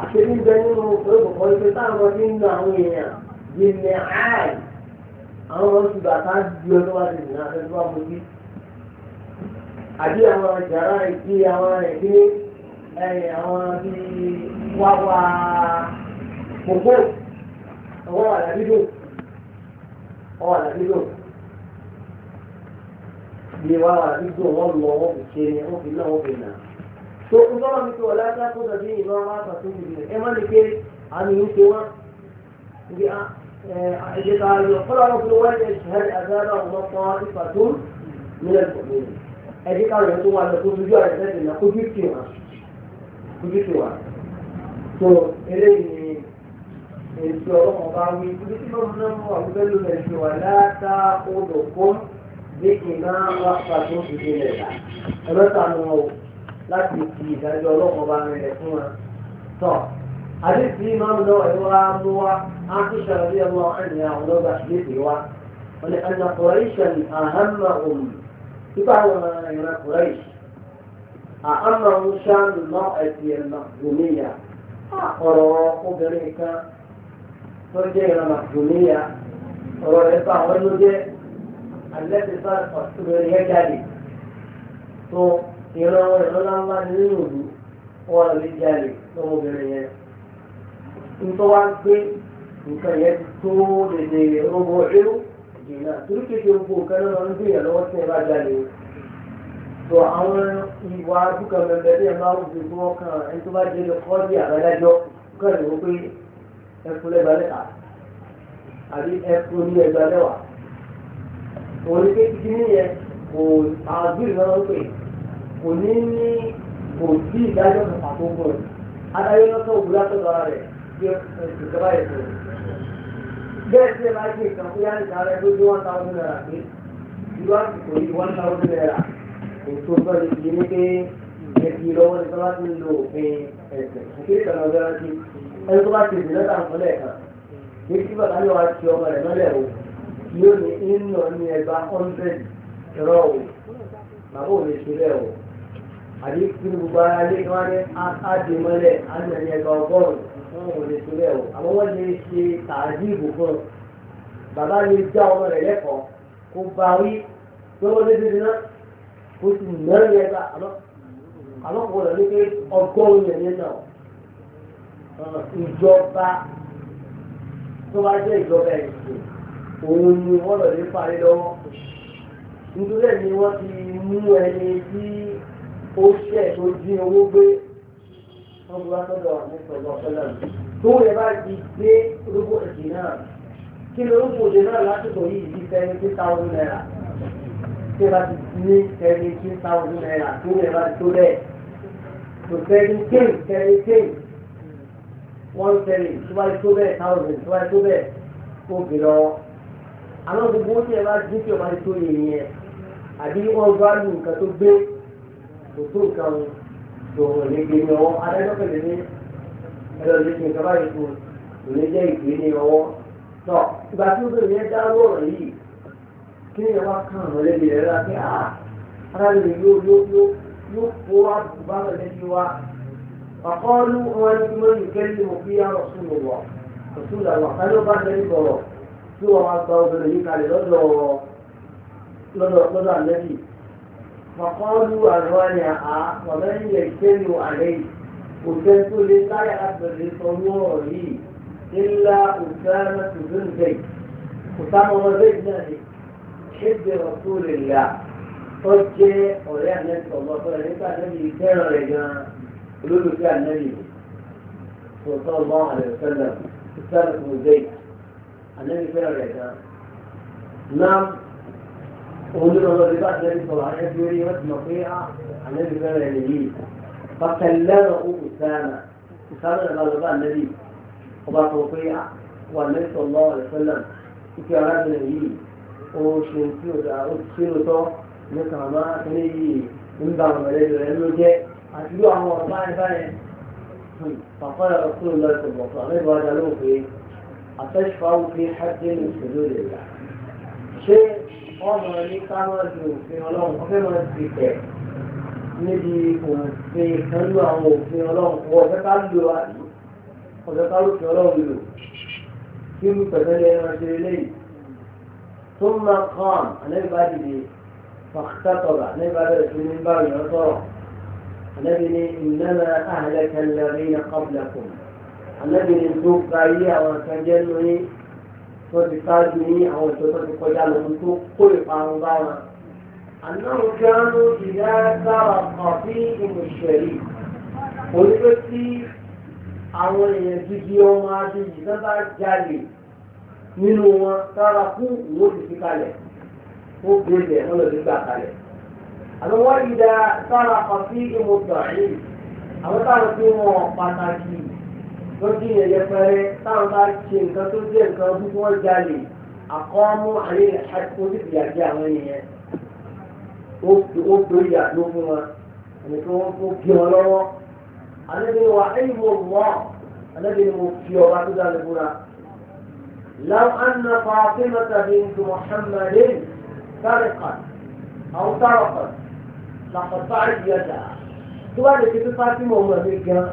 àṣírí ń bẹ nínú orúkọ ìpè táwọn ti ń lo àwọn èèyàn jìnnà áì àwọn ọmọ ti bàtà di ọdún wa ti dìnnà àti ọdún wa mojú àbí àwọn ìjàrá ìdí àwọn ìdílé ẹ̀yìn àwọn bíi gbogbo ọwọ́ àdàbídò ọwọ́ àdàbídò bíi wáwá tó ń bọ́ mi tó ọ̀la ẹ̀ka tó dọ̀bí ìbọn wa bà tó gbìyànjú ẹ má lè pé àmì ń ṣe wá ibi ẹ̀jẹ̀ ká lọ kọ́lá wọn fi wá ẹ̀jẹ̀ ṣe àgbára ọ̀gbọ́n kan ipa tó nílẹ̀ pọ̀ mí ẹ̀jẹ̀ ká lọ tó wà lọ tó dojú àrẹ̀ lẹ́sẹ̀ náà kójú tì wá kójú tì wá tó eléyìí èsì ọlọ́mọ bá wí ibi tí bọ́ọ̀mù náà mú àwùjọ ló lè ṣe wà láta odò kó bí ìná wà pàtó ìdílé láti fi ìdájọ́ ọlọ́pàá bá rìn rẹ̀ fún wa. tọ́ àdéhùn yìí máa ń lọ ẹ̀rọ amú wa á tún ṣàlàyé ẹ̀rọ àìníyàn àwọn ọlọ́gbà ṣìlẹ̀kẹ̀ wa. wọ́n ní ẹ̀nà kùrẹ́ṣẹ̀ ní àhámà òun nípa àwọn ẹ̀ràn kùrẹ́ṣẹ̀ àhámà òun ṣáàlù náà ẹ̀sìn ẹ̀nà gòmìnà ọ̀rọ̀ obìnrin kan tó jẹ́ ìrànà gòmìnà ọ̀rọ̀ rẹ̀ bá àwọn ẹlójẹ́ alẹ́ ìran àwọn ìran ńláńlá ní nínú ìlú wọn lè jalè lọ́mọbìnrin yẹn nítorí wá gbé nǹkan yẹn tó lèdè robo ẹrú ìdènà torí kéde gbogbo nǹkan náà lọ́nà gbé yẹn lọ́wọ́ tí yẹn bá jalè o tó àwọn ìwà dúkà mẹ́fẹ́ tí yẹn bá wù sí fún ọkàn ẹni tó bá jẹ́ lọ kọ́ di àbájájọ́ kọ́ ìwọ pé ẹkùn lẹ́gbàá lẹ́ka àbí ẹkùn ní ẹgbàá lẹ́wà òun ní kékeré yẹn kò àgbìrì náà kò ní ní kò sí ìdájọ́ kan pàtó fún ẹ adájọ́ lọ́tọ̀ òwúrọ̀ àtọ̀dọ̀ ara rẹ̀ bí ìjọba ètò bẹ́ẹ̀ sí ẹ bá gbé nǹkan fún yára ìta rẹ tó dé one thousand naira pé irú àsìkò yìí one thousand naira kò tó sọ lè fi ní pé ẹbí lọ́wọ́ ní sábà ti ń lo òfin ẹ̀sẹ̀ òkèèrè kan lọ́jọ́ rántí ẹni tó bá ti dì lọ́tà fún lẹ́ẹ̀kan ní kí bàbá yóò wá ti ọmọ rẹ̀ mọ́lẹ̀ o yóò ní ìnà ní ẹgbàá hundred rọ̀ o bàbá ò lè ṣe bẹ́ẹ̀ o àbí kí ni gbogbo ara lé wọn ní ádìmọ́lẹ̀ ánìyàn ẹgbẹ́ ọgọ́rùn-ún fún òun lè torí ẹ̀wọ̀ àmọ́ wọ́n lè ṣe tààdí ìbò fún un bàbá lè já ọmọ rẹ̀ lẹ́kọ̀ọ́ kó bá wí pé wọ́n lé dídí náà kó sì mẹ́rin yẹn ká àmọ́ kò lọ ní pé ọgọ́rùn-ún yẹn yẹn náà ìjọba tó bá jẹ́ ìjọba ẹ̀sìn òun ni wọ́n lọ lè parí lọ́wọ́ nítorí ẹ̀ ni wọ́n ti mú ẹni tí ó ṣẹ̀ tó dín owó gbé wọ́n bu lọ́dọ̀ nípasẹ̀ ọ̀fẹ́lá tó yẹ bá di dé rúbò èdè náà kí ló rúbò èdè náà lásìkò yìí di seventy thousand naira tí a bá ti ní seventy thousand naira tó yẹ bá tó bẹ́ẹ̀ tó seventeen seventeen one seven tó bá tó bẹ́ẹ̀ thousand tó tó bẹ́ẹ̀ kó bì lọ àwọn gbogbo ó ti bá dín tí o bá tó yẹ yẹn àbí wọ́n gbádùn nǹkan tó gbé kò tó nǹkan tòun ní gbé ní ọwọ́ adájọ́pẹ̀lẹ̀ ní ẹ̀rọ ní ṣe ìjọba ìfò kò ní jẹ́ ìgbé ní ọwọ́ tọ́ ìgbà tí ó bẹ̀rẹ̀ yẹn dá lọ́rọ̀ yìí kí ni wọ́n kàn án lẹ́bi rẹ̀ láti á adájọ́ yóò yóò yóò yóò kó wa bá lọ lẹ́bi wa àkọọ́lù wọn ni mo ní kẹ́lí mo fi yára sùn lọ wọ̀ sùn lọ wọ̀ kálí ó bá lẹ́bi sọ̀rọ̀ tí wọ́n wá gba obìnrin yìí فقالوا الرابعة ومن يجتمع عليه وكنت لطلعت لطلوعه إلا أسامة بن زيد أسامة بن زيد حب رسول الله فجي وريح النبي صلى الله عليه وسلم يبقى النبي كان رجاء قلوا له كان النبي صلى الله عليه وسلم أسامة بن زيد النبي كان رجاء نعم وقلنا له الرباط النبي صلى الله عليه وسلم يريد مطيعة النبي كان يمين فكلمه أسامة أسامة قال له النبي وبعد مطيعة والنبي صلى الله عليه وسلم في أراد النبي وشنتي وشنتو نسمع ما تني من بعض الملاذ لأنه جاء أتلو عن أربعة فاين فقال رسول الله صلى الله عليه وسلم وقالوا في أتشفع في حد من حدود الله شيء ọmọ ní kárọ̀dì òfin ọlọ́run ọfẹ́ máa ti tẹ̀ níbi òfin kan lu àwọn òfin ọlọ́run wọ ọ̀fẹ́ ká lu ọ̀fẹ́ ká lófin ọlọ́run lò kí ló pẹ̀lẹ́ lẹ́yìn máa ṣe eléyìí tó máa kàn ànẹ́bí bá dìde fàkítàtọ̀gà ànẹ́bí bá bẹ̀rẹ̀ sí ní bá ìyàn sọ̀rọ̀ ànẹ́bí ní ìnáná àhàlẹ́kẹ́lẹ́ rí ní kọ́bìlẹ́kùn ànẹ́bí ní tó ga ilé àwọn kan lóyún tó ti ṣáájú ní àwọn ìjọ tó ti kọjá lọ́dún tó kó ìparun bá wọn. ànáwó gánú ìyá sára kan sí ìmùsùlẹ̀ onígbé tí àwọn èèyàn gidi ọmọ adé yìí tó bá jalè nínú wọn sára fún ìwé òfìsí kalẹ̀ ó gbélé wọn lọ́dún gbà kalẹ̀. àmọ́ wọ́n yí da sára kan sí ìmùsùlẹ̀ àwọn táwọn tí wọ́n pàtàkì yìí tó dín yẹn yẹpẹrẹ táwọn bá ṣe nǹkan tó jẹ́ nǹkan bí wọ́n jalè àkọ́mú àyè àti ìyàjẹ àwọn ènìyàn ó tó ìyà ló fún wọn ẹni tó wọ́n tó gbé wọn lọ́wọ́ àlejò wa ẹ̀yìn mo mọ̀ àlejò mo fi ọba tó dáa lébúra. لو أن فاطمة بنت محمد سرقت أو سرقت لقطعت يدها. سؤال كيف فاطمة وما هي كان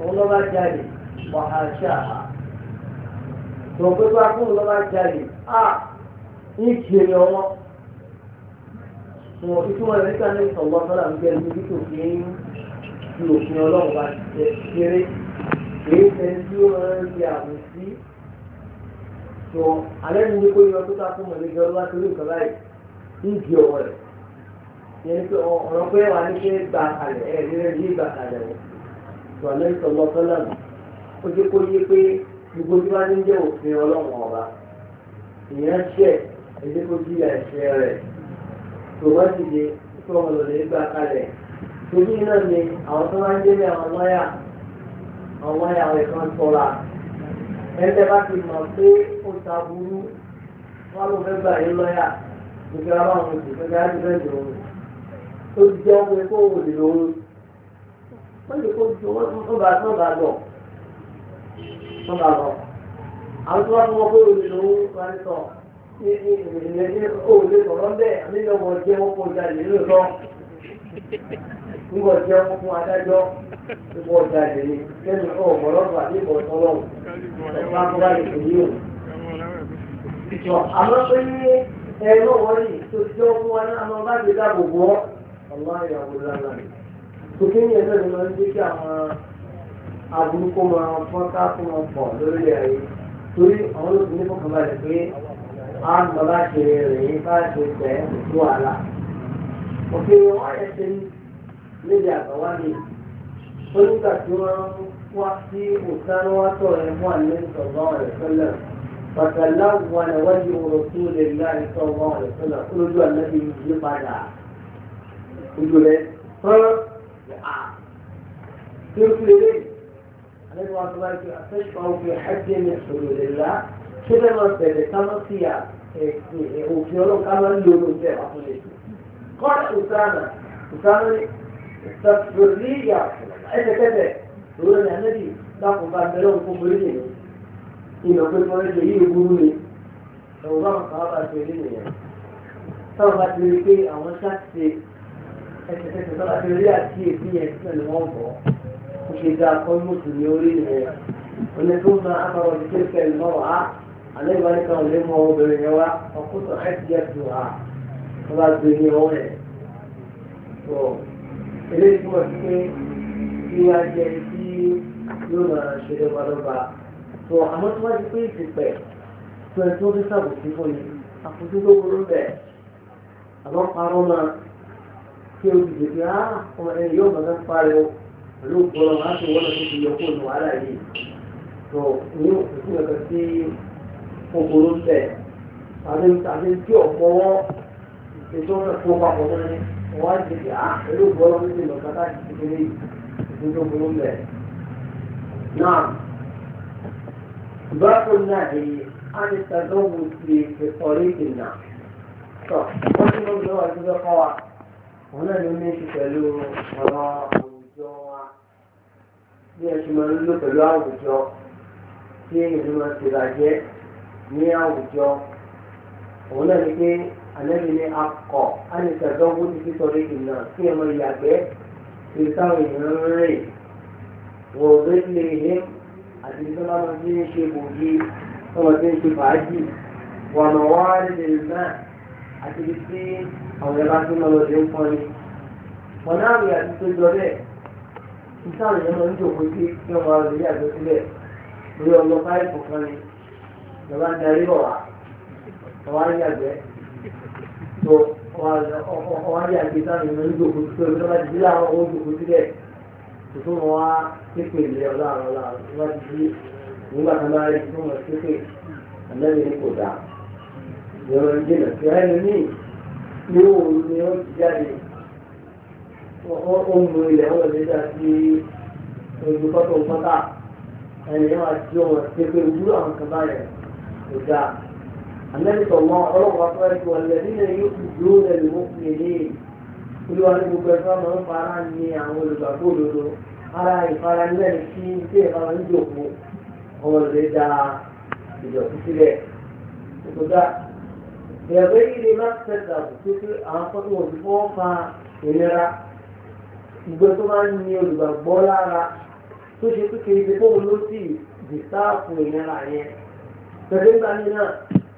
والله ما جالس wàhálà tó pé bá fún lọ́wọ́ jáde á ní kiri ọmọ wọn ìtumọ̀ rẹ̀ níta ní ìsọ̀gbọ́n sọ́dà ń bẹ níbi tó fi ń fi òfin ọlọ́run bá ti jẹ kéré èyí ṣe tí ó rẹ̀ ń fi àmì sí tó alẹ́ ní ní kó yọ tó ká fún mọ̀lẹ́gbẹ́ ọlọ́wà torí nǹkan báyìí ń di ọwọ́ rẹ̀ yẹn pé ọ̀rọ̀ pé wà ní pé gbà kalẹ̀ ẹ̀ ní rẹ̀ yí gbà kalẹ̀ wọ̀ tó ó jẹ́ kó yé pé gbogbo tí wọ́n ń jẹ́ òfin ọlọ́run ọba ìyẹn ṣẹ̀ ẹ̀jẹ̀ kó jí ẹ̀ṣẹ̀ rẹ̀ tó wọ́n ti di tó wọn lò lè gbà kalẹ̀ torí náà ni àwọn tó máa ń délé àwọn wáyà àwọn wáyà rẹ̀ kan tọ́ra ẹ̀ẹ́dẹ́ bá ti mọ̀ pé ó ta burú wọ́n ló fẹ́ gbà yín lọ́yà gbogbo ara wọn kò fẹ́ gbà yín lọ́yà lọ́wọ́ tó jẹ́ ọkùnrin kó wò lè lọ́wọ́ wọ́n lè kó ju wọ́n tó bá tó bá lọ tó bá lọ. àwọn pé olè lòun sọ ní ìrìnlẹ̀ ní olè sọ̀rọ̀ bẹ́ẹ̀ àmì lọ́wọ́ jẹ́ wọ́n kó jalè lóòótọ́ nígbà jẹ́ wọ́n fún adájọ́ nígbà jalè ní kẹ́mi ọ̀gbọ̀n lọ́gbà nígbà ọ̀tọ́lọ́wọ̀ ọ̀gbà fúra lè pè yíò. àmọ́ pé ní ẹ̀rọ wọ́n tó ti jọ́ fún wa náà máa bá ti dáàbò bọ́ ọ̀gbọ́n aburúkọ máa fọ́n ká tó máa pọ̀ lórí ẹ̀rí torí àwọn olóògùn ní kọ̀ọ̀kan balẹ̀ pé a lọ bá ṣe rèé bá ṣe tẹ̀ tó àlà. òkè wọn yẹ ṣe lédè àgbàwá mi onígbà tí wọ́n wá sí òsán wá tọ̀ ẹ̀ fún àlẹ́sọ̀ báwọn rẹ̀ sọ́lẹ̀ pàtàlá wọn àwájú ọ̀rọ̀ tó lè rí àlẹ́sọ̀ báwọn rẹ̀ sọ́lẹ̀ olójú àlẹ́bí yìí padà ojú rẹ̀ tán tí ó fi lè من وطلعت تشبه في حد من حدود الله كده مرتبة كما سياق وفيولو كما اللون في عطلته قال أسامة أسامة استغفر لي يا أنت كده يقول أنا نبي لا قبان بلون قبرين إنه كل مرة يجي يقولوني لو ما صار أسيرين يعني صار ما تريكي أو ما شخصي أنت كده صار أسيرين أكيد في أكيد الموضوع وشيدا كل مسلم يريد والذين أمروا بتلك المرأة عليه ذلك علمه بالنواء فقطعت يدها فلا الدنيا هنا إليه هو الشيء في وجهتي يوم شيء وربا تو أما تو أجيب في البيت تو أنتو تسابق تقولي أقول تو بقول بيه أما قارنا كيف تجيبها وما يوم ما تفعله lóògùn ọ̀rọ̀ máa ń ṣe wọ́n lọ sí iye kó ní wàhálà yìí ah, tó ní òkú nǹkan tí kòkòrò tẹ̀ àti tí ọ̀pọ̀ ètò ìfowó papọ̀ náà ni wọ́n á ti di à lóògùn ọ̀rọ̀ méjì lọ kátà kékeré ìdúró kòkòrò tẹ̀. náà báwo náà èyí á ní sàdọ́wù ti ìkọ̀rí ìdènà tó wọ́n ti lọ́ọ́ bí wọ́n ti fẹ́ kọ́ wa òun náà ló ní í pẹ̀lú ọ̀rọ̀ bí ẹ ti máa ń lò pẹ̀lú àwùjọ tí èyí ló máa ti bàjẹ́ ní àwùjọ òun náà ni pé àlẹ́bí ni akọ̀ ánìkàdánwó ti fi sọ̀rọ̀ ìnà kí ẹ máa yàgbẹ́ kí táwọn èèyàn ń rìn wọ́n rí lè ní àti bí wọ́n máa ti ń ṣe bòógì wọ́n máa ti ń ṣe fàájì wọ́n máa wá lè náà àti bí tí àwọn ẹ̀rọ ti máa lọ sí ń pọ́n ni. wọ́n náà rí àti tó jọ bẹ́ẹ̀ ìsáàlù yẹn máa ń jòkó kí wọ́n máa lè yàgbé sílẹ̀ lórí ọmọ páìpù kan ni ìjọba ń darí bọ̀ wá ọwọ́ á tó ọwọ́ á yàgbé yẹn máa ń jòkó sí pé ọba ti dí láwọn owó jòkó sílẹ̀ tuntun wọn wá pépè lé ọlọ́run ọlọ́run ọba ti dí nígbà tó bá rí tó wọn pépè àlẹ́bí ni kò dáa ìrọ̀lẹ́ jìnnà tí wọ́n ẹni ní ìwò ni ó ti wọ́n ilẹ̀ wọn lè dá sí ojú kọ́tò pátá ẹnìyàn àti ọmọ ṣe ojú àwọn kan báyẹn kò Amẹ́ríkà ọmọ ọlọ́wọ́ afẹ́rẹ́ kí wọ́n lẹ̀ nílẹ̀ yóò fi dúró lẹ́nu mú fún ilé yìí. Olúwa ní gbogbo ẹ̀fọ́ máa ń fara ní àwọn olùgbàgbọ́ òdodo. Ara ìfara nílẹ̀ ní kí ilé ìfara máa ń jòkó. Ọmọ lè da ìjọ̀kú sílẹ̀. Kò dáa. Ìyàgbé yìí ni má ìgbẹ́ tó máa ń ní olùgbàgbọ́ lára tó ṣe tó kiri pé ló sì dìsáàpù ìnira yẹn pẹ̀lú ìgbà mi náà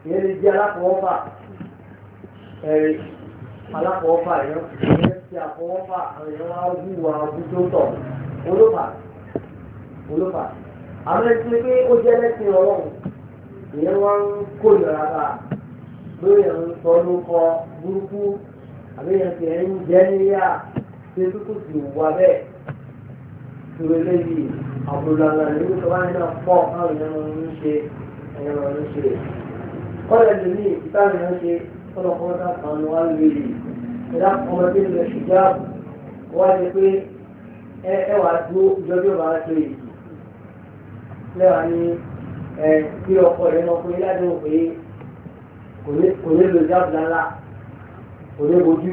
ìyẹn lè jẹ́ aláfọwọ́fà ẹ̀rí aláfọwọ́fà yẹn ti àfọwọ́fà àwọn wa wúwa ojútọ̀ olófà olófà àwọn ẹni tí pé ó jẹ́ lẹ́sìn ọlọ́run ìyẹn wá ń kó bá lórí sọ kọ burúkú àbí ṣe tó kò wà bẹ́ẹ̀ ìṣòro eléyìí àbúrò àlà ìlú tó wáyé náà káwọn èèyàn máa ń ṣe èèyàn máa ń ṣe. kọ́lẹ̀ tó ní ìtàn èèyàn ṣe kọ́lọ́kọ́ dá kan ní wá lórí ìdá ọmọdé lọ ṣùgbọ́n wá ní pé ẹ wàá dúró ìjọba bá ṣe èyí lẹ́wàá ní bí ọkọ rẹ̀ lọ pé ládùn pé kò ní lò jáàbù lálá kò ní bojú.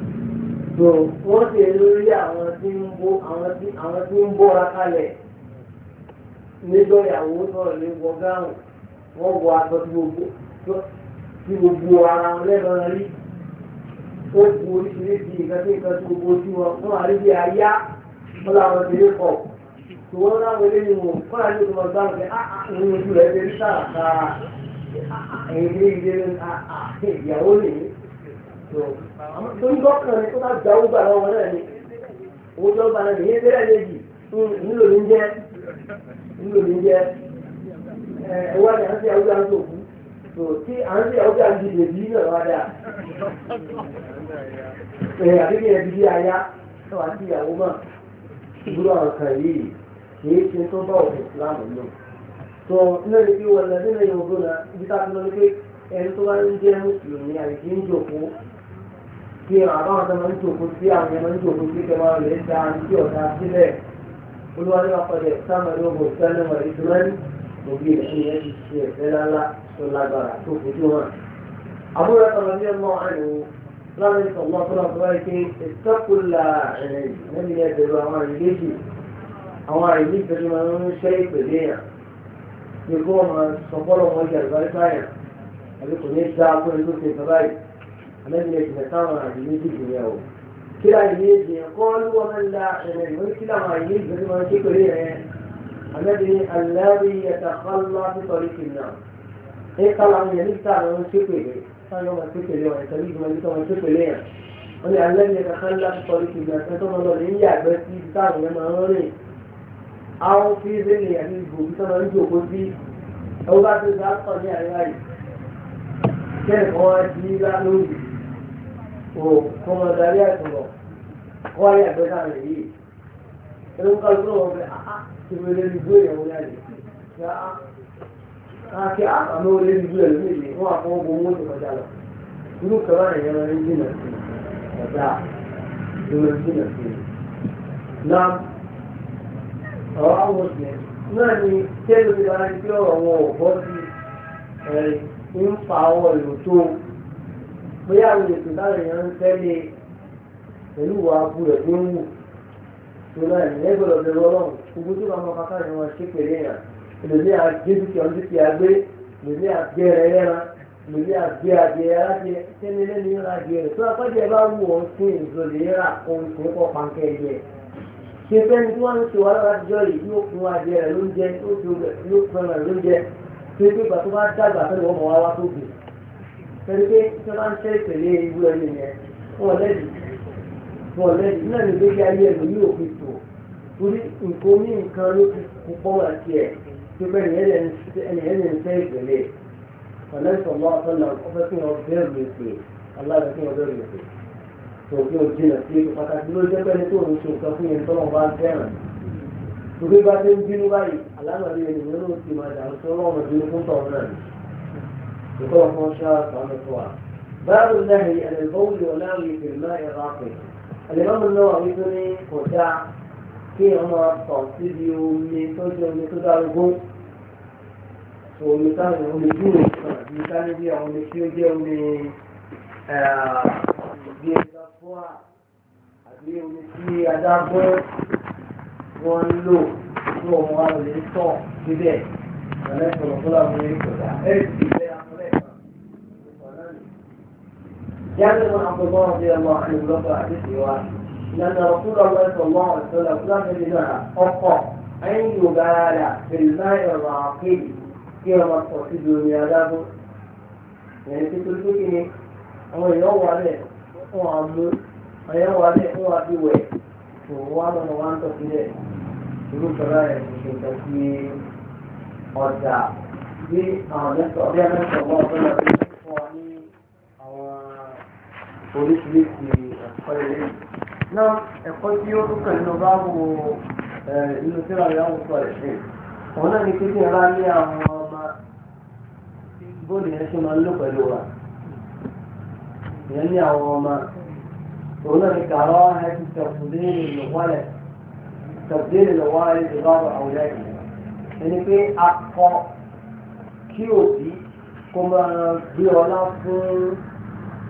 so wọ́n ṣe lórí àwọn tí ń bó àwọn tí ń bóra kalẹ̀ níjọ́ ìyàwó sọ̀rọ̀ lé wọ wọ́n wọ aṣọ tí gbogbo ara wọn lẹ́nu rí ó bu oríṣiríṣi nǹkan tí nǹkan tí gbogbo ojú wọn fún àríwí ayá wọn làwọn ti lè kọ̀ tó láwọn eléyìí wọn kọ́ àti òtún wọn gbà pé àwọn ah, ah, ojú rẹ̀ ti rí sàràkà èyí ilé ìyàwó nìyí. torí lọ́kàn rẹ̀ tó bá gba owó gbà náà ni owó tó gbà náà nìyẹn bẹ́ẹ̀ méjì nílò ní jẹ́ nílò ní jẹ́ ẹ̀wọ́ àti àǹtí àwùjọ àǹtí òkú tó tí àǹtí àwùjọ àǹtí bèbí náà wá dáa àbíkí aya náà wá sí ìyàwó yìí kìí ṣe tó bá òfin lò tó ní kí yorùbá ibi kí àwọn ọ̀dọ́ máa ń jòkó sí àwọn ẹ̀mọ́ ń jòkó sí kẹwà rẹ̀ ń da àǹtí ọ̀dà sílẹ̀ olúwarí ọ̀pọ̀lẹ̀ sáàmùlẹ̀ ogun sẹ́lẹ̀ wọ̀ ìdúrẹ́lì òbí ẹ̀sìn yẹn ti ṣe ẹ̀fẹ́ lálá tó lágbára tó fojú hàn. àbúrò ẹ̀sọ̀rọ̀ ní ọmọ àìwò láàrin ìsọ̀mọ́ ọ̀pọ̀lọ̀ tó wáyé pé ìtọ́kùlà ẹ̀rìn níbi ẹ̀bẹ̀rù àwọn àìlejì àwọn àìlejì ìbẹ̀rù máa ń ṣẹ́ ìpèlè yàn ní kó wọn sọpọ́lọ̀ wọn jẹ àlùbáríkà yàn àbí kò ní dáa kó ní tó ṣe ìtọ́ báyìí àmẹ́rin ẹ̀sìn táwọn àti méjì ìgbìyà o kí àìní èdè ẹ̀kọ́ lúwọ́ mẹ́la ẹ̀rẹ̀ ìwé kí làwọn àìní ìgbìyà máa ké pẹ̀lú ẹ̀ àmẹ́rin aláàbí ẹ̀ta kọ́lá nítorí kìnnà ẹ̀ kálá àwọn yẹn níta àwọn ké pẹ̀lú táwọn máa ké pẹ̀lú ẹ̀ tẹ̀lé ìgbìmọ̀ níta wọn ké pẹ̀lú ẹ̀ wọ́n ní aláàbí ẹ̀ta kọ́lá nítorí kìnnà ẹ̀ tó máa lọ ní yàgbẹ́ sí táwọn yẹn máa ń rìn àwọn fíìsì ní àti ìgbòkú tó máa ń jòkó sí ẹwọ́ bá ti sá pọ̀ ní àríwá yìí kẹ́ẹ̀kọ́ wọn ti ní lórí tó kọ́ máa darí àtúnbọ̀ kọ́ ayé àgbẹ̀dá bóyá àwọn ètò táwọn èèyàn ń tẹ́lẹ̀ pẹ̀lú ìwà abu rẹ̀ tó ń wù tó náà ní ẹgbẹ́ lọ bẹ̀rù ọlọ́run gbogbo tó bá mọ kàkà ni wọ́n ṣe pèlè yàn lèmi àgbé dúkìá dúkìá gbé lèmi àgbé rẹ̀ yẹra lèmi àgbé adìẹ aláṣẹ tẹ́lẹ̀ lẹ́nu yẹra adìẹ rẹ̀ tó akọ́jẹ́ bá wù ọ́ sí ìzòlè yẹra ohun tó kọ́ pàǹkẹ́ yẹ ṣe fẹ́ni tí wọ́n ń ṣe wàhálà látijọ́ yìí yóò fún adìẹ rẹ̀ lóúnjẹ pẹ̀lú pé tí wọ́n bá ń ṣe ìpèlè ìlú ẹni yẹn wọ́n lẹ́dí wọ́n lẹ́dí náà ní gbégbé ayé ẹ̀rọ yóò fi tò torí nǹkan ní nǹkan ló ti kú pọ́ wọn àti ẹ̀ tó bẹ́ẹ̀ ni ẹni ń ṣe ìpèlè ọ̀lẹ́sọ̀ lọ́wọ́ sọ́nà ọ̀fẹ́ kí wọ́n bẹ́ẹ̀ lè pè aláàbẹ̀ kí wọ́n bẹ́ẹ̀ lè pè tó kí wọ́n jìnà sí ètò pàtàkì ló jẹ́ pẹ́ni tó ń ṣe nǹkan fún yẹn tọ́lọ́ bá bá ń bínú بطور موشات عن الطوار باب النهي عن البول ونهي في الماء الراقي الإمام النووي بني وجع في عمر تصدي ومي توجه ومي تدارجون ومي تاني ومي جوي ومي تاني بيع ومي كيوجي ومي بيع الأسواع àbí omi tí adágún wọn ń lò tí wọn wá lè tọ̀ síbẹ̀ ọ̀rẹ́ جابر بن عبد الله رضي الله عنه رفع حديثه واحد لأن رسول الله صلى الله عليه وسلم لم يجدها حقا أن يبالى في الماء الراقي في مصر في الدنيا له يعني في كل شيء هو يروى عليه هو عبد يروى عليه هو عبد وهو هذا موانته في ذلك يقول كذلك في شيء تسليم وزع دي أعمال صلى الله عليه وسلم oríṣiríṣi ẹ̀kọ́ ilé náà ẹ̀kọ́ tí ó tún kàn nínú báwo inú síra rẹ̀ àwọn sọ ẹ̀ṣẹ̀ òun náà ni kékeré bá ní àwọn ọmọ bóòlù yẹn ṣe máa ń lò pẹ̀lú wa ìyẹn ní àwọn ọmọ òun náà ni kàrọ́ ẹ̀ ti tẹ̀kùn dé ìlúwalẹ̀ تبديل الوالد ببعض أولاده ẹni pé akọ kí òbí kó máa gbé ọlá fún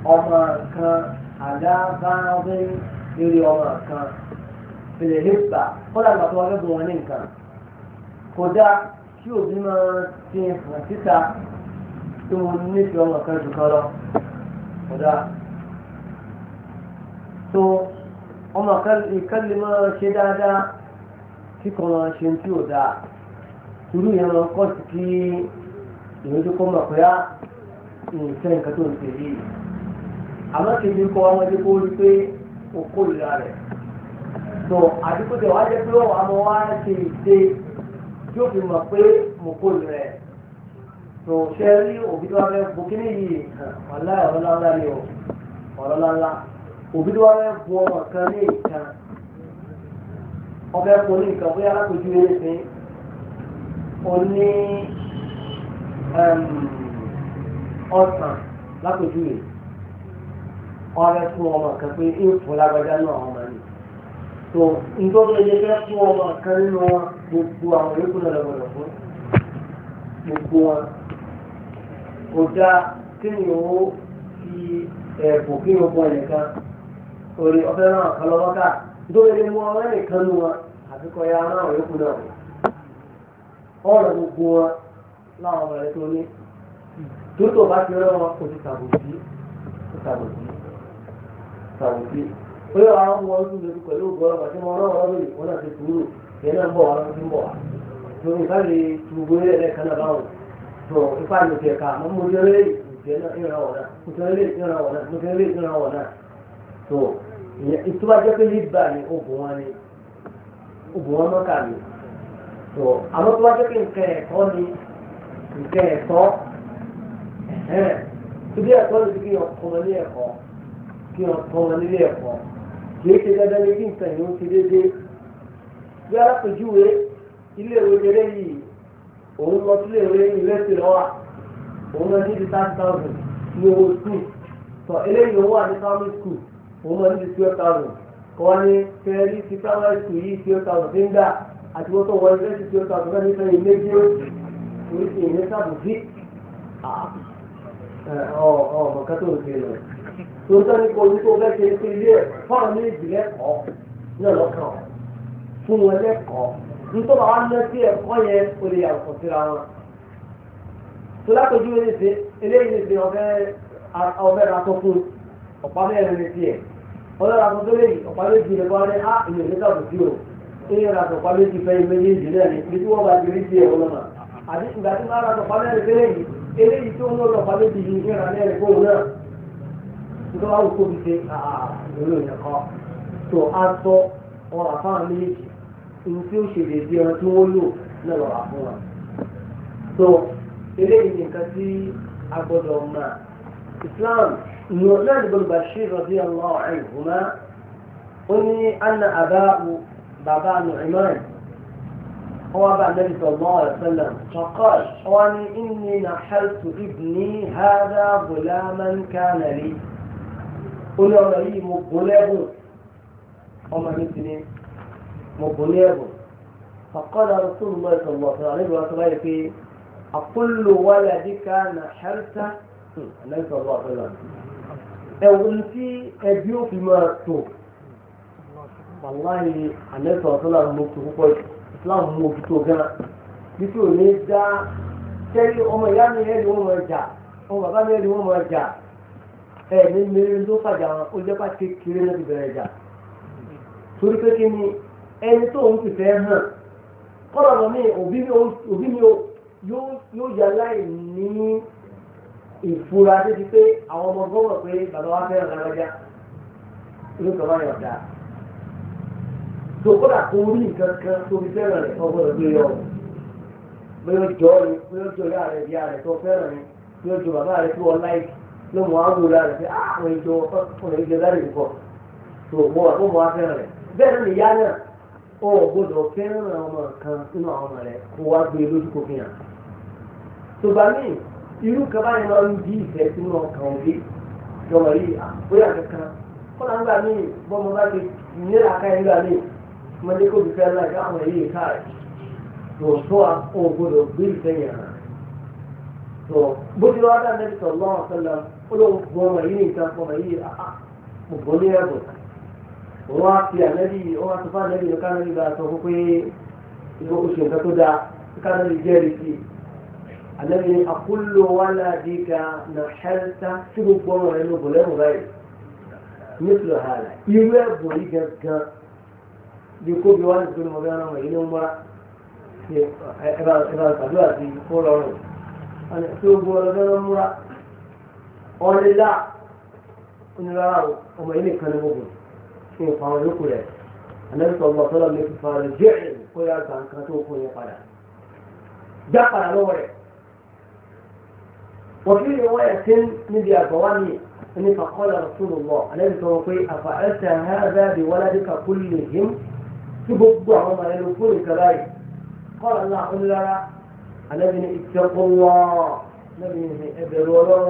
ọmọ kan àdáfáàbí lórí ọmọ kan fìlẹ̀ lẹ́gbà kọ́lá ìgbà tó wá fẹ́ bọ̀ wọn ní nǹkan kódà kí òbí máa ti hàn síta tó mo nífẹ̀ẹ́ ọmọ kan jù kan lọ kódà tó ọmọ kan lè máa ṣe dáadáa kí kan máa ṣe tí ò dáa irú yẹn máa kọ́ sí kí ìrètí kọ́ mọ̀ pé á ah, ìfẹ́ nǹkan tó ń tẹ̀lé yìí àmọ́ kì í fi kọ́ ọmọdé kó rí pé o kó ìlera rẹ̀ tó àdúgbò tẹ̀ wá jẹ́ pé ọ̀wọ́ àmọ́ wá ṣe ìṣe tí ó fi mọ̀ pé mo kó ìlera rẹ̀ tó ṣe rí òbí tó wá fẹ́ bu kí nìyí ọ̀la ọ̀rọ̀ ńláńlá ni o ọ̀rọ̀ ńláńlá òbí tó wá fẹ́ bu ọmọ kan ní ìkan ọbẹ̀ kò ní nǹkan bóyá alákòjú rẹ̀ ṣe ó ní ọ̀sán lákòjú rẹ̀ wọn fẹ́ fún ọmọ kan pé éèfù lágbájá náà wọn máa ní. tó nítorí wọn lè fẹ́ fún ọmọ kan nínú wọn gbogbo àwọn yòókù náà lọ́gbọ̀dọ̀ fún gbogbo wọn. kò dáa kí ni owó fi ẹ̀bùn kí ni ó bọ̀ nìkan orí ọ̀fẹ́ náà kan lọ́wọ́ ká nítorí ẹni mú ọmọ nìkan nù wọn àfikọ́ ya náà yòókù náà ọ̀rọ̀ gbogbo wọn láwọn ọmọ rẹ̀ tó ní tó tó bá ti rẹ́ wọn kò ti tàbùkì tàbùkì. sàwùsí pé àwọn ọmọ ọdún lórí pẹ̀lú ògbó ọlọ́pàá tí yìí wọ́n náà ti yẹn náà ń bọ̀ ti ń bọ̀ wá ká lè náà báwọn tó ipá ẹ̀ka mo mo mo tó jẹ́ pé ni wọn ni wọn kí wọ́n kọ́ wọn nílé ẹ̀kọ́ kìí ṣe dandan ní kí nǹkan yìí ó ti déédéé bí alápèjúwe ilé ìwé eré yìí òun lọ sílé ìwé ìrẹsì lọ́wọ́ òun lọ ní ibi thirty thousand ní owó school tọ eléyìí owó àti primary school òun lọ ní ibi twelve thousand kọ́ wọn ní fẹ́ẹ́rí ti primary school yìí twelve thousand ti ń dà àti wọ́n tó wọ ìrẹsì twelve thousand náà nífẹ̀ẹ́ yìí méjì oríṣi ìrẹsì àbùjí ọ̀ ah, ọ̀ mọ̀ká tó ń ṣe lọ tòótọ́ ní kò ní kó fẹ́ ṣe pé ilé ẹ̀ fọ́ọ̀rọ̀ ní ìbílẹ̀ kọ́ ní ọlọ́kàn fún wọn lẹ́kọ̀ọ́ nítorí àwọn ọmọ tí ẹ̀kọ́ yẹn kò lè yàtọ̀ síra wọn. tó lápẹjú eléyìí ní ọbẹ̀ ra tó fún ọ̀pá mẹ́rin ní tiẹ̀ ọlọ́ra tó tó léyìí ọ̀pá méjì lè wọ́n ní á ìyẹn ní káàbù sí o ìyẹn ra tó ọ̀pá méjì fẹ́ ìmọ̀ ní ìjìnlẹ̀ ní ibi tí wọ́n bá ti rí tiẹ̀ wọn náà àti ìgbà tí wọ́n ra tó ọ̀pá mẹ́rin tẹ́lẹ̀ yìí eléyìí tó ń lọ́ọ̀rọ̀ ọ̀pá méjì yìí ìyẹn ra mẹ́rin fóun náà nígbà wà lóko fi ṣe ìlú ìyẹn kan tó a sọ wọn àfáà méjèèjì ní tí ó ṣe déédéé ẹran tí wọ́n lò náà lọ́ra fún wa. tó eléyìí nìkan tí a gbọ́dọ̀ mọ̀ Islam Nu'man ibn Bashir radiyallahu anhuma ó ní anna àbáwò bàbá Nu'man هو بعد النبي صلى الله عليه وسلم فقال واني إني نحلت ابني هذا غلاما كان لي onye ọ ọmọ yìí mo bò lẹ́bùn ọmọ mi ti ní mo bò lẹ́bùn fàkọ́dà rọ́sùn lọ ya ọ̀sán àlejò wa sọ báyìí pé àkúlò wálé àdíkà nà ṣẹ́rìtà àlejò sọ̀rọ̀ ọ̀sán lọ. ẹ̀wọ̀n tí Islam ẹ̀mí mẹ́rin ló fàjà wọn ó jẹ́ pàṣẹ kiri náà ti bẹ̀rẹ̀ jà torí pé kí ni ẹni tó ń fìfẹ́ hàn kọ́nà lọ ní òbí mi yóò yà láì ní ìfura títí pé àwọn ọmọ gbọ́mọ̀ pé bàbá wa fẹ́ràn lágbájá ló kọ́ báyọ̀ dáa tó kọ́nà kó rí nǹkan kan tó fi fẹ́ràn rẹ̀ ọgbọ́dọ̀ gbé yọ bóyá jọ ni bóyá jọ ìyá rẹ̀ ìyá rẹ̀ tó fẹ́ràn ni bóyá jọ bàbá rẹ̀ tó ọ láìkì ló mọ àwọn òwúrọ̀ rẹ̀ pé àwọn ìjọ ọ̀nà ìjọ lárí nǹkan tó mọ àwọn ọmọ afẹ́ràn rẹ̀ bẹ́ẹ̀ náà ìyá náà kan nínú àwọn ọmọ rẹ̀ kó wá gbé lójú kò fi hàn. tòbá mi irú kan báyìí máa ń bí ìfẹ́ sínú ọkàn òbí lọ́mọ yìí àbóyá kankan kọ́nà ńgbà mí bọ́mọ bá ti nílà ká ńgbà mí ọmọdé kò fi fẹ́ràn láti àwọn ó ló ń gbọ́ ọmọ yìí nìkan ọmọ yìí mo bọ́ ní ẹ̀bùn òun á fi ànẹ́bí òun á sọ fún ànẹ́bí nìkan ànẹ́bí bá sọ fún pé ìwọ oṣù nǹkan tó dáa nìkan ànẹ́bí jẹ́rìí sí i ànẹ́bí ni àkúlò wàhálà dìgbà nà ṣẹ́ńtà tí gbogbo ọmọ rẹ̀ ló bọ̀ lẹ́rù báyìí nítorí àhàlà irú ẹ̀bùn yìí gangan bí kó bí wá ní ìgbóni mọ̀gá ọmọ yìí ló ọ̀rẹ́lá onílára ọmọ ilé kan ní gbogbo kí n fa àwọn olóko rẹ̀ anẹ́sọ̀ ọmọ tọ́lá mi fi fa rẹ̀ jẹ́ kó yá gbà nǹkan tó kó yẹn padà já padà lọ́wọ́ rẹ̀ wọ́n fi ìwọ́ ẹ̀ sí níbi àgbà wá mi ní fàkọ́lá rọ̀tún lọ anẹ́sọ̀ sọ pé àfà ẹsẹ̀ àhárá bí wọ́n láti kà kú lè hím tí gbogbo àwọn ọmọ ẹni fún ìkàrà yìí kọ́lá náà onílára anẹ́bí ni ìtẹ́kọ̀ọ́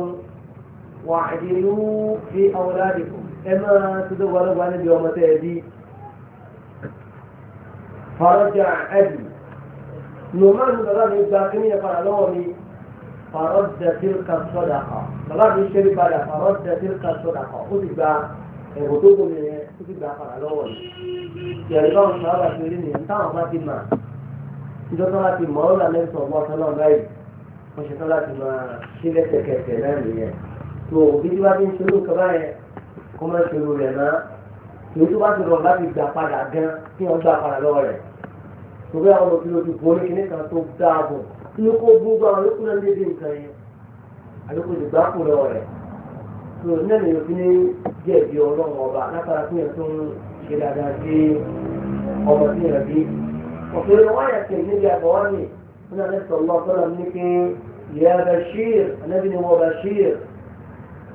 واعدلوا في أولادكم إما تدور والد يوم تأتي فرجع أبي نومان بلغ الباقين يقالوني فرد تلك الصدقة بلغ الشريف على فرد تلك الصدقة أتبع غضوب من أتبع قرالوني يعني بعض الصحابة يقولون ينتهى ما تما إذا طلعت المولى النبي صلى الله عليه وسلم غير وشكلت ما شلت كثيرا يعني tó òbí tí wàá fi ń ṣerú nǹkan báyẹn kó má ṣerú rẹ̀ náà èyí tó bá ti rọ̀ láti gbà padà gan kí wọ́n gbà padà lọ́wọ́ rẹ̀ tòbí àwọn ọmọ kìlọ̀ ti borí kíní kan tó dáàbò tí ó kó gbogbo àwọn yòókù náà léde nǹkan yẹn àyòkù lè gbà kú lọ́wọ́ rẹ̀ tó náà nìyẹn fi ní jẹ̀bi ọlọ́run ọba látara fún yẹn tó ń ṣe dáadáa sí ọmọ tí yẹn bí ọ̀pẹ̀ wáyà kẹ̀ níbi àbọ̀wá mi ní alẹ́ sọ̀rọ̀ ọ̀pẹ̀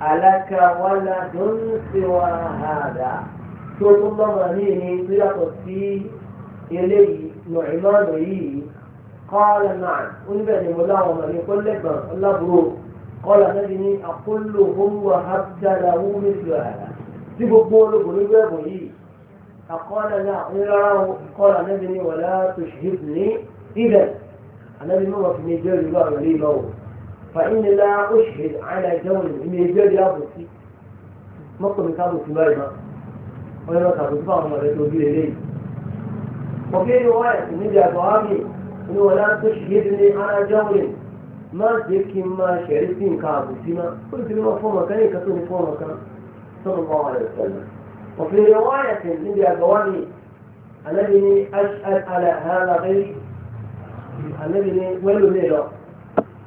àlàkà wàlà tó ń ṣe wà hàdà tó tún lọ́mọ ní ìní tó yàtọ̀ sí eléyìí nùcìmọ́nù yìí kọ́ọ̀lù náà oníbẹ̀ ni mo láwọn ọmọ mi kó lẹ́gbọ̀n ọlábùrò kọ́ọ̀lù àtẹ́bí ní àkólò hóńwà hábdàlà wúmi fìlà tí gbogbo ológun ní gbẹ̀bùn yìí àkọ́ọ̀lù náà ń rárá kọ́ọ̀lù àtẹ́bí ní wàlá tó ṣe é ní ibẹ̀ àtẹ́bí ní wọ́n fi ní jẹ́rìí lọ́wọ́ فإن لا أشهد على جول من يجري يابوسي مطلب كابوسي بايما ولا كابوسي بايما يتوبي إليه وفي رواية من جابوامي إنه لا تشهدني على جول ما ذيك ما شريتين كابوسي ما قلت لما فهمه كان يكتوني فهمه كان صلى الله عليه وسلم وفي رواية النبي من أنا بني أشأل على هذا غير أنا بني ولو ليه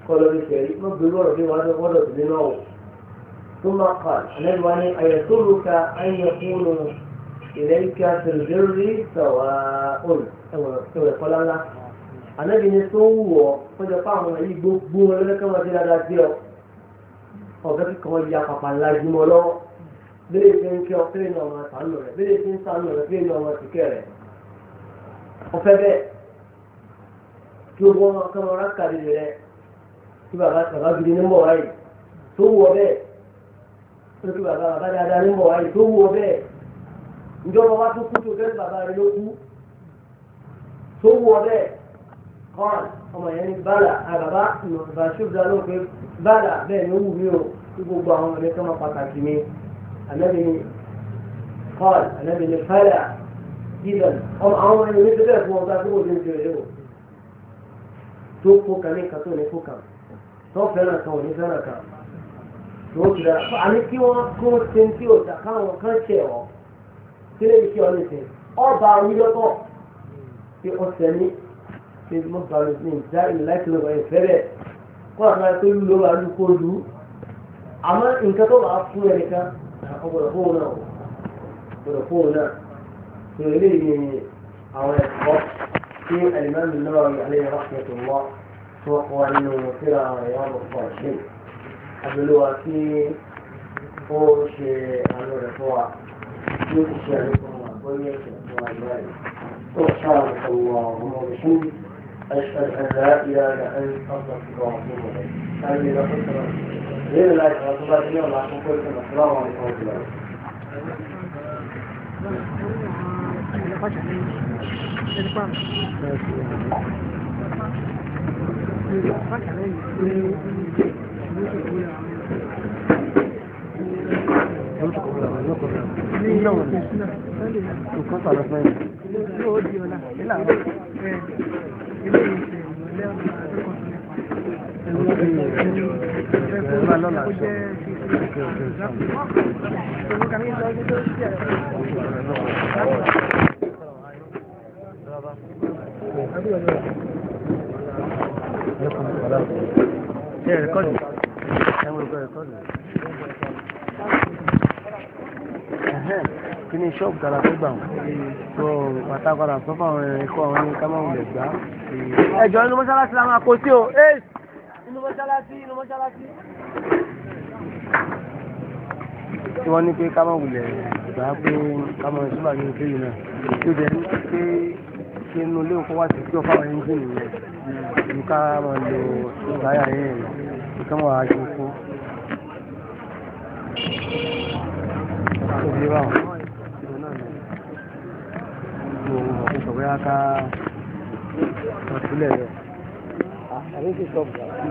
قالوا لي شيء ما بيقولوا في هذا غلط بنوع ثم قال نجواني أيسرك أن يكون إليك في البر سواء سواء قال الله anabi ni tó wù ọ kọjá pa àwọn yìí gbogbo ọlọ́dẹ kan wọ́n ti dáadáa sí ọ ọ̀gá kí kan wọ́n ya pàpà ńlá jùmọ̀ lọ́wọ́ bẹ́ẹ̀ fi ń kí ọ pé ní ọmọ sànù rẹ̀ bẹ́ẹ̀ fi ń sànù rẹ̀ pé ní ọmọ kí bàbá bàbá gidi ní mọ̀ wáyé tó wọ bẹ́ẹ̀ tó kí bàbá bàbá dáadáa ní mọ̀ wáyé tó wọ bẹ́ẹ̀ ìjọba wa tó kú tó kẹ́rì bàbá rẹ ló kú tó wọ bẹ́ẹ̀ kọ́n ọmọ yẹn ní bàlà àbàbá ìwọ̀nba ṣùgbọ́n ló pé bàlà bẹ́ẹ̀ ni ó wù mí o kí gbogbo àwọn ọmọdé tó máa pàtàkì mi ànábì ni kọ́n ànábì ni fẹ́lẹ̀ gidan àwọn ọmọ yẹn ní bẹ́ẹ̀ fún ọgbà tó kó kan ní kàtó ní kó kan tó fẹ́ràn kan ò ní fẹ́ràn kan tó ti dára fún àní kí wọ́n kún ṣe tí ò tà káwọn kan ṣe ọ́ kí lè ṣe ọ́ lè ṣe ọba wílọ́tọ̀ tí ó ṣẹ ní ṣe mọ́ balẹ̀ ní ìjà ìlú láti lọ́wọ́ ìfẹ́ rẹ̀ kó àtúnṣe tó lù lọ́wọ́ àdúgbò lù àmọ́ nǹkan tó máa fún ẹ̀ nìkan ọgbọ̀dọ̀ fóun náà ọgbọ̀dọ̀ fóun náà tó eléyìí ni àwọn ẹ̀kọ́ tí ẹ̀lẹ́mẹ́rin náà yà lẹ́yìn rọ́ọ̀kì tí wọ́n kọ́ wa nínú síra ìwà ọ̀pọ̀ ṣe àbẹ̀lówà tí ó ṣe àánú rẹ̀ fún wa tí ó ti ṣe àlékún àgbọ́yé ẹ̀sìn fún wa ìwà rẹ̀ tó ṣáà ń sọ wọ ọmọ òṣù أشهد أن لا إله إلا أنت أستغفرك وأتوب إليك. هذه الأخرى بإذن الله تعالى تبارك اليوم عشان كل سنة السلام عليكم ورحمة الله وبركاته. nǹkan sọ̀rọ̀ fún ẹ. ilé òdi ọ̀la ilé àwọn ẹ ilé ìṣẹ̀lẹ̀ ọ̀la àdókòtò nípa. ẹ̀rọ máa lọ́la ṣe. ìṣòro kan ní ìṣòro tó ṣe àìsàn. عليكم السلام هي ريكورد تعمل ريكورد kí ni ṣọ́ọ̀bù tara tó gbà wọ́n tó pàtàkọ́ra sọ fáwọn ikọ̀ wọn ní kámọ́ọ̀mù lè gbà. ẹ̀jọ̀ inú mọ́ṣáláṣí la máa kó sí o inú mọ́ṣáláṣí inú mọ́ṣáláṣí. tí wọ́n ní pé kámọ́ọ̀mù lè gbà pé kámọ́ọ̀mù ìṣúbà ní ojú yìí náà tí ó jẹ́ pé kí inú ilé òkú wá sí kí ọ fáwọn ẹni ju ká máa lo ìgbáyà yẹn lọ kí wọ́n á ju kú. Tóbi báwọn ìlú náà ní ju